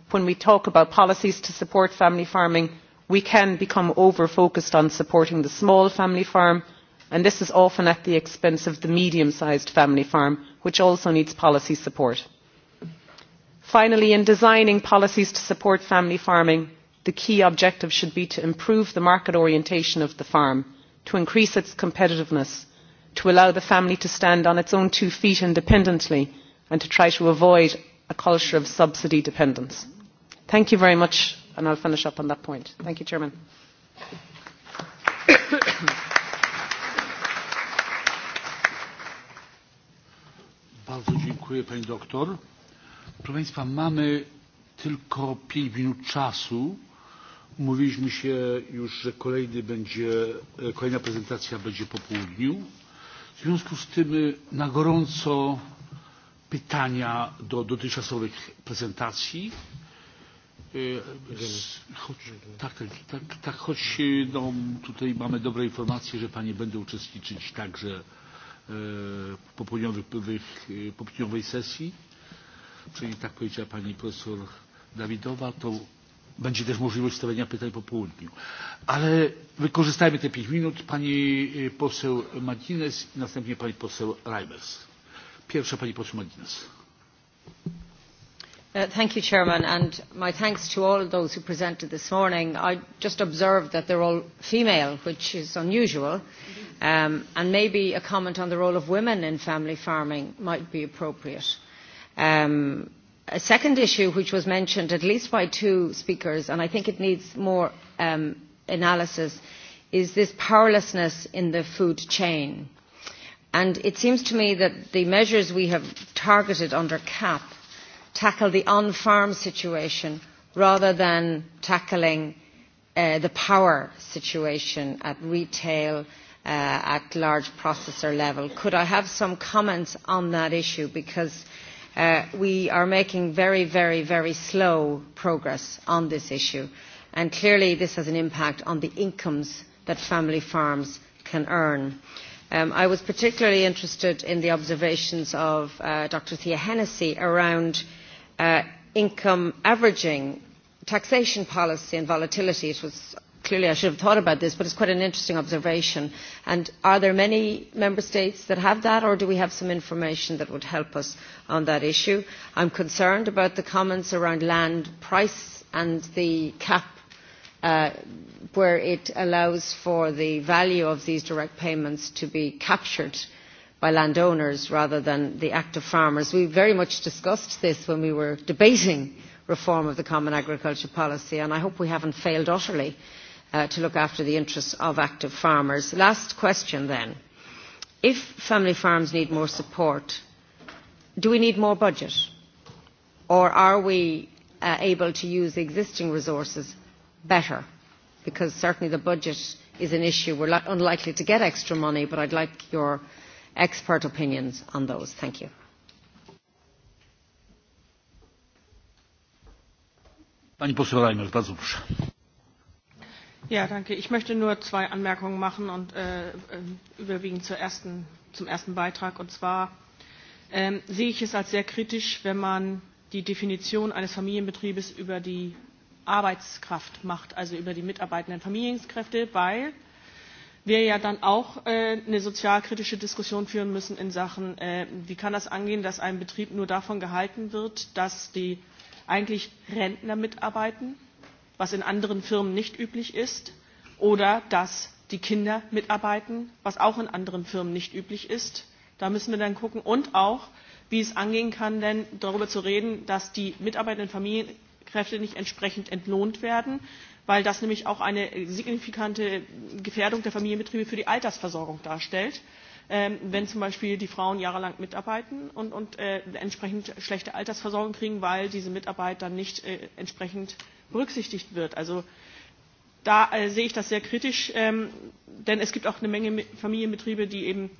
when we talk about policies to support family farming we can become over focused on supporting the small family farm and this is often at the expense of the medium sized family farm which also needs policy support finally in designing policies to support family farming the key objective should be to improve the market orientation of the farm to increase its competitiveness to allow the family to stand on its own two feet independently and to try to avoid a culture of subsidy dependence. thank you very much and i'll finish up on that point. thank you chairman. bardzo dziękuję pani doktor. Proszę Państwa, mamy tylko 5 minut czasu. Umówiliśmy się już, że kolejny będzie, kolejna prezentacja będzie po południu. W związku z tym na gorąco pytania do dotychczasowych prezentacji. Choć, tak, tak, tak, tak, choć no, tutaj mamy dobre informacje, że Panie będą uczestniczyć także w popołudniowej sesji Czyli tak powiedziała pani profesor Dawidowa, to będzie też możliwość stawiania pytań po południu. Ale wykorzystajmy te pięć minut. Pani poseł Martinez i następnie pani poseł Reimers. Pierwsza pani poseł Martinez. Uh, thank you, Chairman, and my thanks to all of those who presented this morning. I just observed that they're all female, which is unusual, um, and maybe a comment on the role of women in family farming might be appropriate. Uh, Um, a second issue which was mentioned at least by two speakers, and I think it needs more um, analysis, is this powerlessness in the food chain. And it seems to me that the measures we have targeted under CAP tackle the on-farm situation rather than tackling uh, the power situation at retail, uh, at large processor level. Could I have some comments on that issue? Because uh, we are making very, very, very slow progress on this issue. And clearly this has an impact on the incomes that family farms can earn. Um, I was particularly interested in the observations of uh, Dr. Thea Hennessy around uh, income averaging, taxation policy and volatility. It was clearly I should have thought about this, but it's quite an interesting observation. And are there many member states that have that, or do we have some information that would help us on that issue? I'm concerned about the comments around land price and the cap uh, where it allows for the value of these direct payments to be captured by landowners rather than the active farmers. We very much discussed this when we were debating reform of the common agriculture policy and I hope we haven't failed utterly uh, uh, to look after the interests of active farmers. Last question then. If family farms need more support, do we need more budget? Or are we uh, able to use existing resources better? Because certainly the budget is an issue. We're li- unlikely to get extra money, but I'd like your expert opinions on those. Thank you. Pani poseł Reimers, bardzo proszę. Ja, danke. Ich möchte nur zwei Anmerkungen machen und äh, äh, überwiegend zur ersten, zum ersten Beitrag. Und zwar ähm, sehe ich es als sehr kritisch, wenn man die Definition eines Familienbetriebes über die Arbeitskraft macht, also über die mitarbeitenden Familienkräfte, weil wir ja dann auch äh, eine sozialkritische Diskussion führen müssen in Sachen, äh, wie kann das angehen, dass ein Betrieb nur davon gehalten wird, dass die eigentlich Rentner mitarbeiten was in anderen Firmen nicht üblich ist, oder dass die Kinder mitarbeiten, was auch in anderen Firmen nicht üblich ist. Da müssen wir dann gucken und auch, wie es angehen kann, denn darüber zu reden, dass die mitarbeitenden Familienkräfte nicht entsprechend entlohnt werden, weil das nämlich auch eine signifikante Gefährdung der Familienbetriebe für die Altersversorgung darstellt, ähm, wenn zum Beispiel die Frauen jahrelang mitarbeiten und, und äh, entsprechend schlechte Altersversorgung kriegen, weil diese Mitarbeit dann nicht äh, entsprechend äh, berücksichtigt wird. Also da äh, sehe ich das sehr kritisch, ähm, denn es gibt auch eine Menge Familienbetriebe, die eben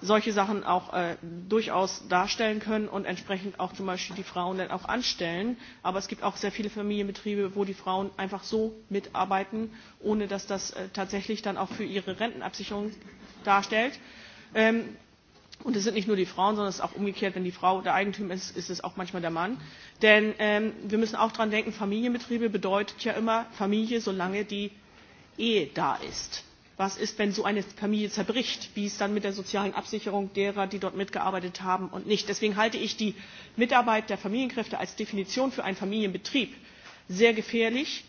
solche Sachen auch äh, durchaus darstellen können und entsprechend auch zum Beispiel die Frauen dann auch anstellen. Aber es gibt auch sehr viele Familienbetriebe, wo die Frauen einfach so mitarbeiten, ohne dass das äh, tatsächlich dann auch für ihre Rentenabsicherung darstellt. Ähm, Und es sind nicht nur die Frauen, sondern es ist auch umgekehrt, wenn die Frau der Eigentümer ist, ist es auch manchmal der Mann. Denn ähm, wir müssen auch daran denken, Familienbetriebe bedeutet ja immer Familie, solange die Ehe da ist. Was ist, wenn so eine Familie zerbricht? Wie ist dann mit der sozialen Absicherung derer, die dort mitgearbeitet haben und nicht? Deswegen halte ich die Mitarbeit der Familienkräfte als Definition für einen Familienbetrieb sehr gefährlich.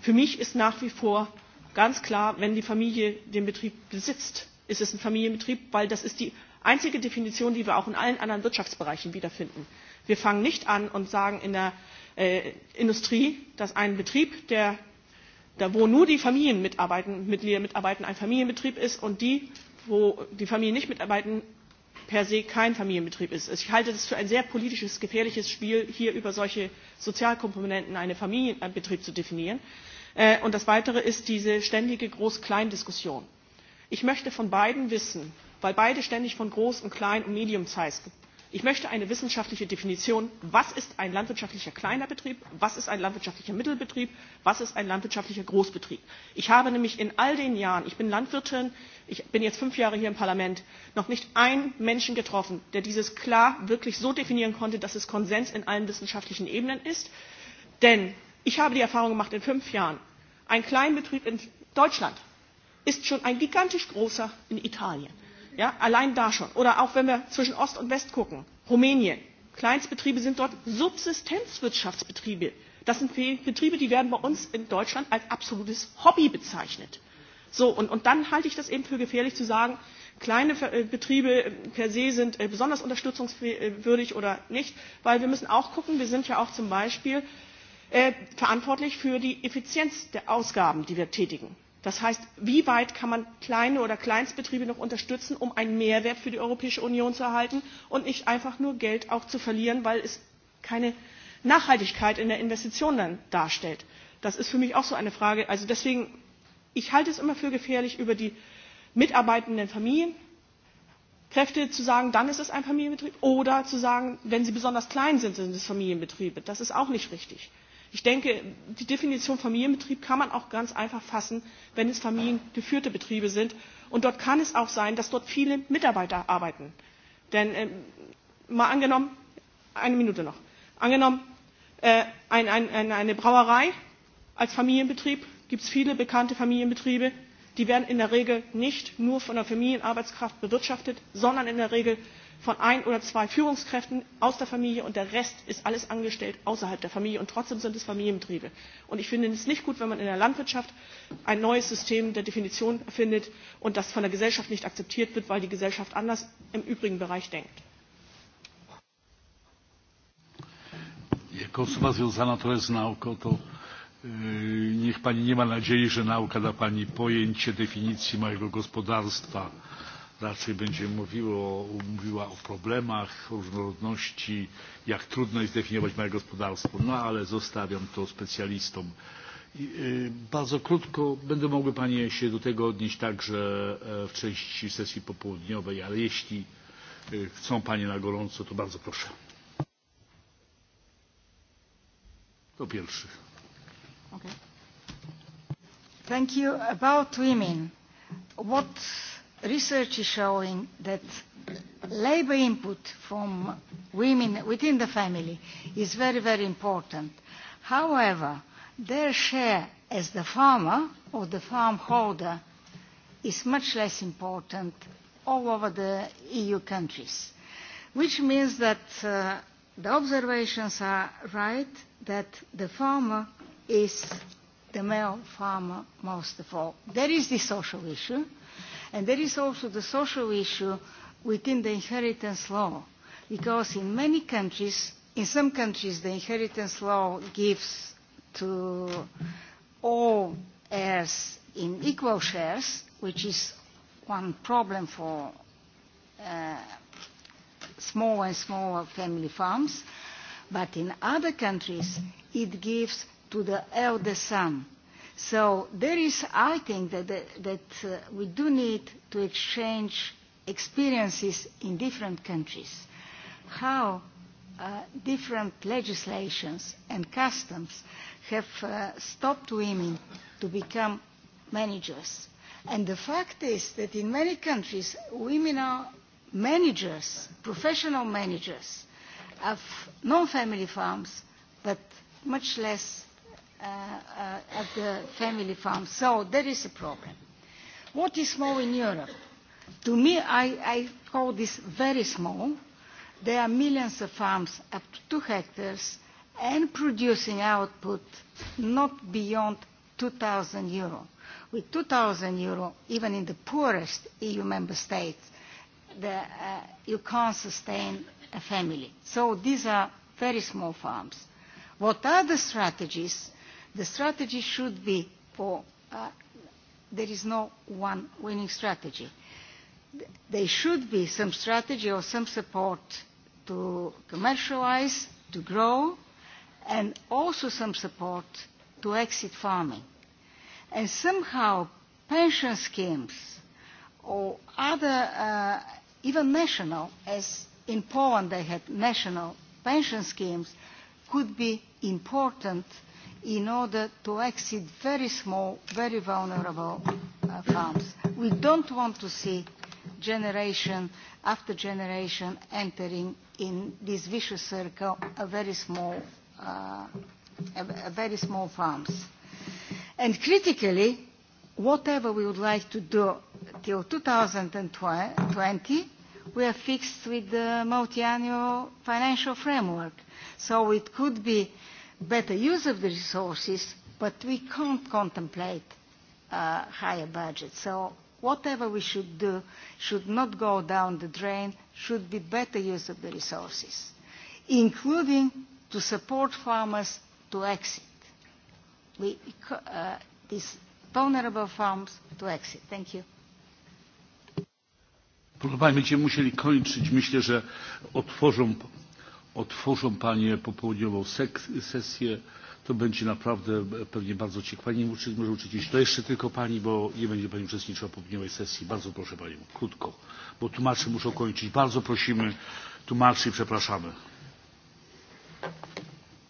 Für mich ist nach wie vor ganz klar, wenn die Familie den Betrieb besitzt, ist es ein Familienbetrieb, weil das ist die einzige definition die wir auch in allen anderen wirtschaftsbereichen wiederfinden. wir fangen nicht an und sagen in der äh, industrie dass ein betrieb der, der, wo nur die familien mitarbeiten, mitglieder mitarbeiten ein familienbetrieb ist und die wo die familien nicht mitarbeiten per se kein familienbetrieb ist. ich halte es für ein sehr politisches gefährliches spiel hier über solche sozialkomponenten einen familienbetrieb zu definieren. Äh, und das weitere ist diese ständige groß klein diskussion. ich möchte von beiden wissen weil beide ständig von groß und klein und medium size ich möchte eine wissenschaftliche definition was ist ein landwirtschaftlicher kleiner betrieb was ist ein landwirtschaftlicher mittelbetrieb was ist ein landwirtschaftlicher großbetrieb? ich habe nämlich in all den jahren ich bin landwirtin ich bin jetzt fünf jahre hier im parlament noch nicht einen menschen getroffen der dieses klar wirklich so definieren konnte dass es konsens in allen wissenschaftlichen ebenen ist denn ich habe die erfahrung gemacht in fünf jahren ein kleinbetrieb in deutschland ist schon ein gigantisch großer in italien. Ja, allein da schon. Oder auch wenn wir zwischen Ost und West gucken. Rumänien. Kleinstbetriebe sind dort Subsistenzwirtschaftsbetriebe. Das sind Betriebe, die werden bei uns in Deutschland als absolutes Hobby bezeichnet. So, und, und dann halte ich das eben für gefährlich zu sagen, kleine äh, Betriebe äh, per se sind äh, besonders unterstützungswürdig oder nicht, weil wir müssen auch gucken, wir sind ja auch zum Beispiel äh, verantwortlich für die Effizienz der Ausgaben, die wir tätigen. Das heißt, wie weit kann man kleine oder Kleinstbetriebe noch unterstützen, um einen Mehrwert für die Europäische Union zu erhalten und nicht einfach nur Geld auch zu verlieren, weil es keine Nachhaltigkeit in der Investition dann darstellt. Das ist für mich auch so eine Frage. Also deswegen, ich halte es immer für gefährlich, über die mitarbeitenden Familien Kräfte zu sagen, dann ist es ein Familienbetrieb, oder zu sagen, wenn sie besonders klein sind, sind es Familienbetriebe. Das ist auch nicht richtig. Ich denke, die Definition Familienbetrieb kann man auch ganz einfach fassen, wenn es familiengeführte Betriebe sind. Und dort kann es auch sein, dass dort viele Mitarbeiter arbeiten. Denn äh, mal angenommen, eine Minute noch, angenommen, äh, ein, ein, ein, eine Brauerei als Familienbetrieb, gibt es viele bekannte Familienbetriebe, die werden in der Regel nicht nur von der Familienarbeitskraft bewirtschaftet, sondern in der Regel von ein oder zwei Führungskräften aus der Familie und der Rest ist alles angestellt außerhalb der Familie und trotzdem sind es Familienbetriebe. Und ich finde es nicht gut, wenn man in der Landwirtschaft ein neues System der Definition findet und das von der Gesellschaft nicht akzeptiert wird, weil die Gesellschaft anders im übrigen Bereich denkt. Jako osoba związana trochę z nauką, to yy, e, niech Pani nie ma nadziei, że nauka da Pani pojęcie definicji małego gospodarstwa, yy, raczej będzie mówiło, mówiła o problemach, o różnorodności, jak trudno jest definiować małe gospodarstwo. No ale zostawiam to specjalistom. Bardzo krótko będą mogły Panie się do tego odnieść także e, w części sesji popołudniowej, ale jeśli chcą Panie na gorąco, to bardzo proszę. To pierwszy. Okay. Thank you. About women, what research is showing that labor input from women within the family is very, very important. However, their share as the farmer or the farm holder is much less important all over the EU countries, which means that uh, the observations are right that the farmer is the male farmer most of all. There is the social issue, And there is also the social issue within the inheritance law, because in many countries, in some countries, the inheritance law gives to all heirs in equal shares, which is one problem for uh, small and smaller family farms. But in other countries, it gives to the elder son So there is, I think, that, that uh, we do need to exchange experiences in different countries, how uh, different legislations and customs have uh, stopped women to become managers. And the fact is that in many countries, women are managers, professional managers of non-family farms, but much less Uh, uh, at the family farm. So there is a problem. What is small in Europe? To me, I, I call this very small. There are millions of farms up to two hectares and producing output not beyond 2,000 euro. With 2,000 euro, even in the poorest EU member states, the, uh, you can't sustain a family. So these are very small farms. What are the strategies The strategy should be for, uh, there is no one winning strategy. There should be some strategy or some support to commercialize, to grow, and also some support to exit farming. And somehow pension schemes or other, uh, even national, as in Poland they had national pension schemes, could be important uh, in order to exit very small, very vulnerable uh, farms. We don't want to see generation after generation entering in this vicious circle a very small, uh, a, a very small farms. And critically, whatever we would like to do till 2020, we are fixed with the multi-annual financial framework. So it could be uh, better use of the resources, but we can't contemplate uh, higher budgets. So whatever we should do should not go down the drain, should be better use of the resources, including to support farmers to exit. We, uh, these vulnerable farms to exit. Thank you. Proszę Państwa, będziemy musieli kończyć. Myślę, że otworzą otworzą panie popołudniową sesję to będzie naprawdę e, pewnie bardzo ciekawe. Pani może uczyć to jeszcze tylko pani, bo nie będzie pani uczestniczyła w popołudniowej sesji. Bardzo proszę panią, krótko, bo tłumaczy muszą kończyć. Bardzo prosimy tłumaczy i przepraszamy.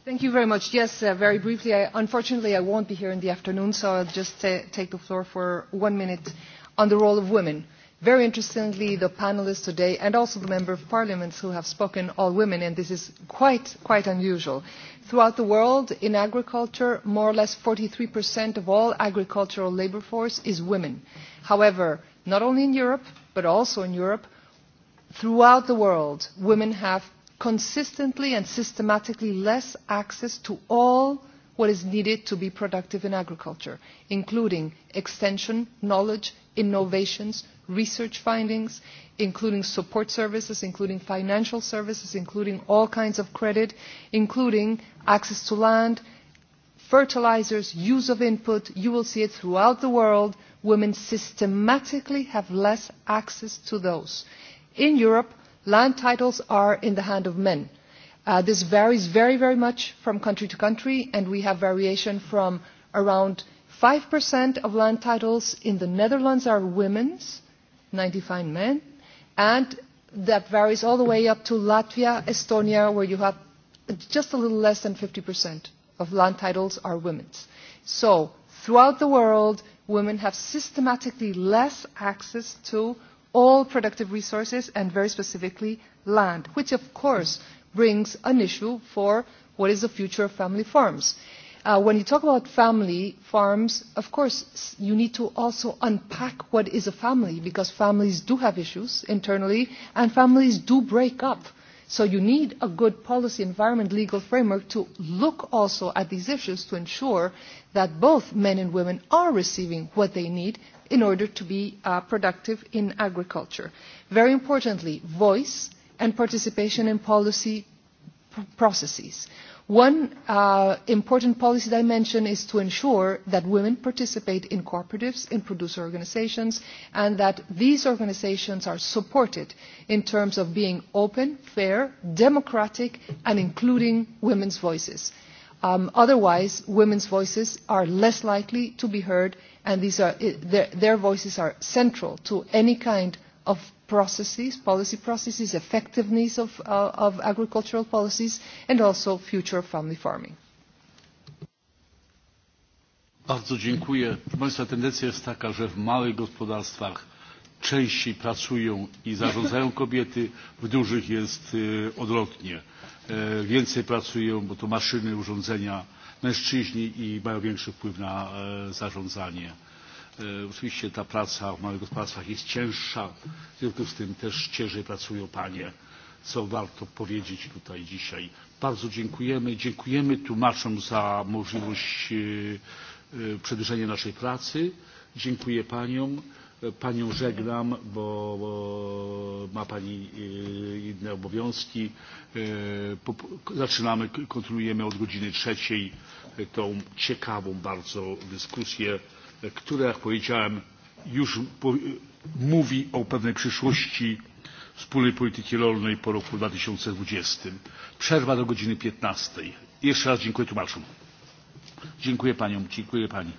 Thank you very much. Yes, uh, very briefly, I, unfortunately I won't be here in the afternoon, so I'll just take the floor for one minute on the role of women. Uh, very interestingly the panellists today and also the member of parliament who have spoken all women and this is quite quite unusual throughout the world in agriculture more or less 43% of all agricultural labor force is women however not only in europe but also in europe throughout the world women have consistently and systematically less access to all what is needed to be productive in agriculture, including extension, knowledge, innovations, research findings, including support services, including financial services, including all kinds of credit, including access to land, fertilizers, use of input. You will see it throughout the world. Women systematically have less access to those. In Europe, land titles are in the hand of men Uh, this varies very, very much from country to country, and we have variation from around 5% of land titles in the Netherlands are women's, 95 men, and that varies all the way up to Latvia, Estonia, where you have just a little less than 50% of land titles are women's. So throughout the world, women have systematically less access to all productive resources and very specifically land, which of course mm-hmm brings an issue for what is the future of family farms. Uh, when you talk about family farms, of course, you need to also unpack what is a family because families do have issues internally and families do break up. So you need a good policy environment legal framework to look also at these issues to ensure that both men and women are receiving what they need in order to be uh, productive in agriculture. Very importantly, voice and participation in policy processes. One uh, important policy dimension is to ensure that women participate in cooperatives, in producer organizations, and that these organizations are supported in terms of being open, fair, democratic, and including women's voices. Um, otherwise, women's voices are less likely to be heard, and these are, their, their voices are central to any kind of processes, policy processes, effectiveness of, uh, of agricultural policies, and also future family farming. Bardzo dziękuję. Proszę Państwa, tendencja jest taka, że w małych gospodarstwach częściej pracują i zarządzają [laughs] kobiety, w dużych jest odwrotnie. E, więcej pracują, bo to maszyny, urządzenia, mężczyźni i mają większy wpływ na e, zarządzanie E, oczywiście ta praca w małych gospodarstwach jest cięższa, w związku z tym też ciężej pracują panie, co warto powiedzieć tutaj dzisiaj. Bardzo dziękujemy. Dziękujemy tłumaczom za możliwość e, e, przedłużenia naszej pracy. Dziękuję paniom. Panią żegnam, bo, bo ma Pani inne obowiązki. Zaczynamy, kontynuujemy od godziny trzeciej tą ciekawą bardzo dyskusję. E, które, jak powiedziałem, już e, mówi o pewnej przyszłości wspólnej polityki rolnej po roku. dwa tysiące dwadzieścia przerwa do godziny. piętnaście jeszcze raz dziękuję tłumaczom dziękuję paniom dziękuję pani.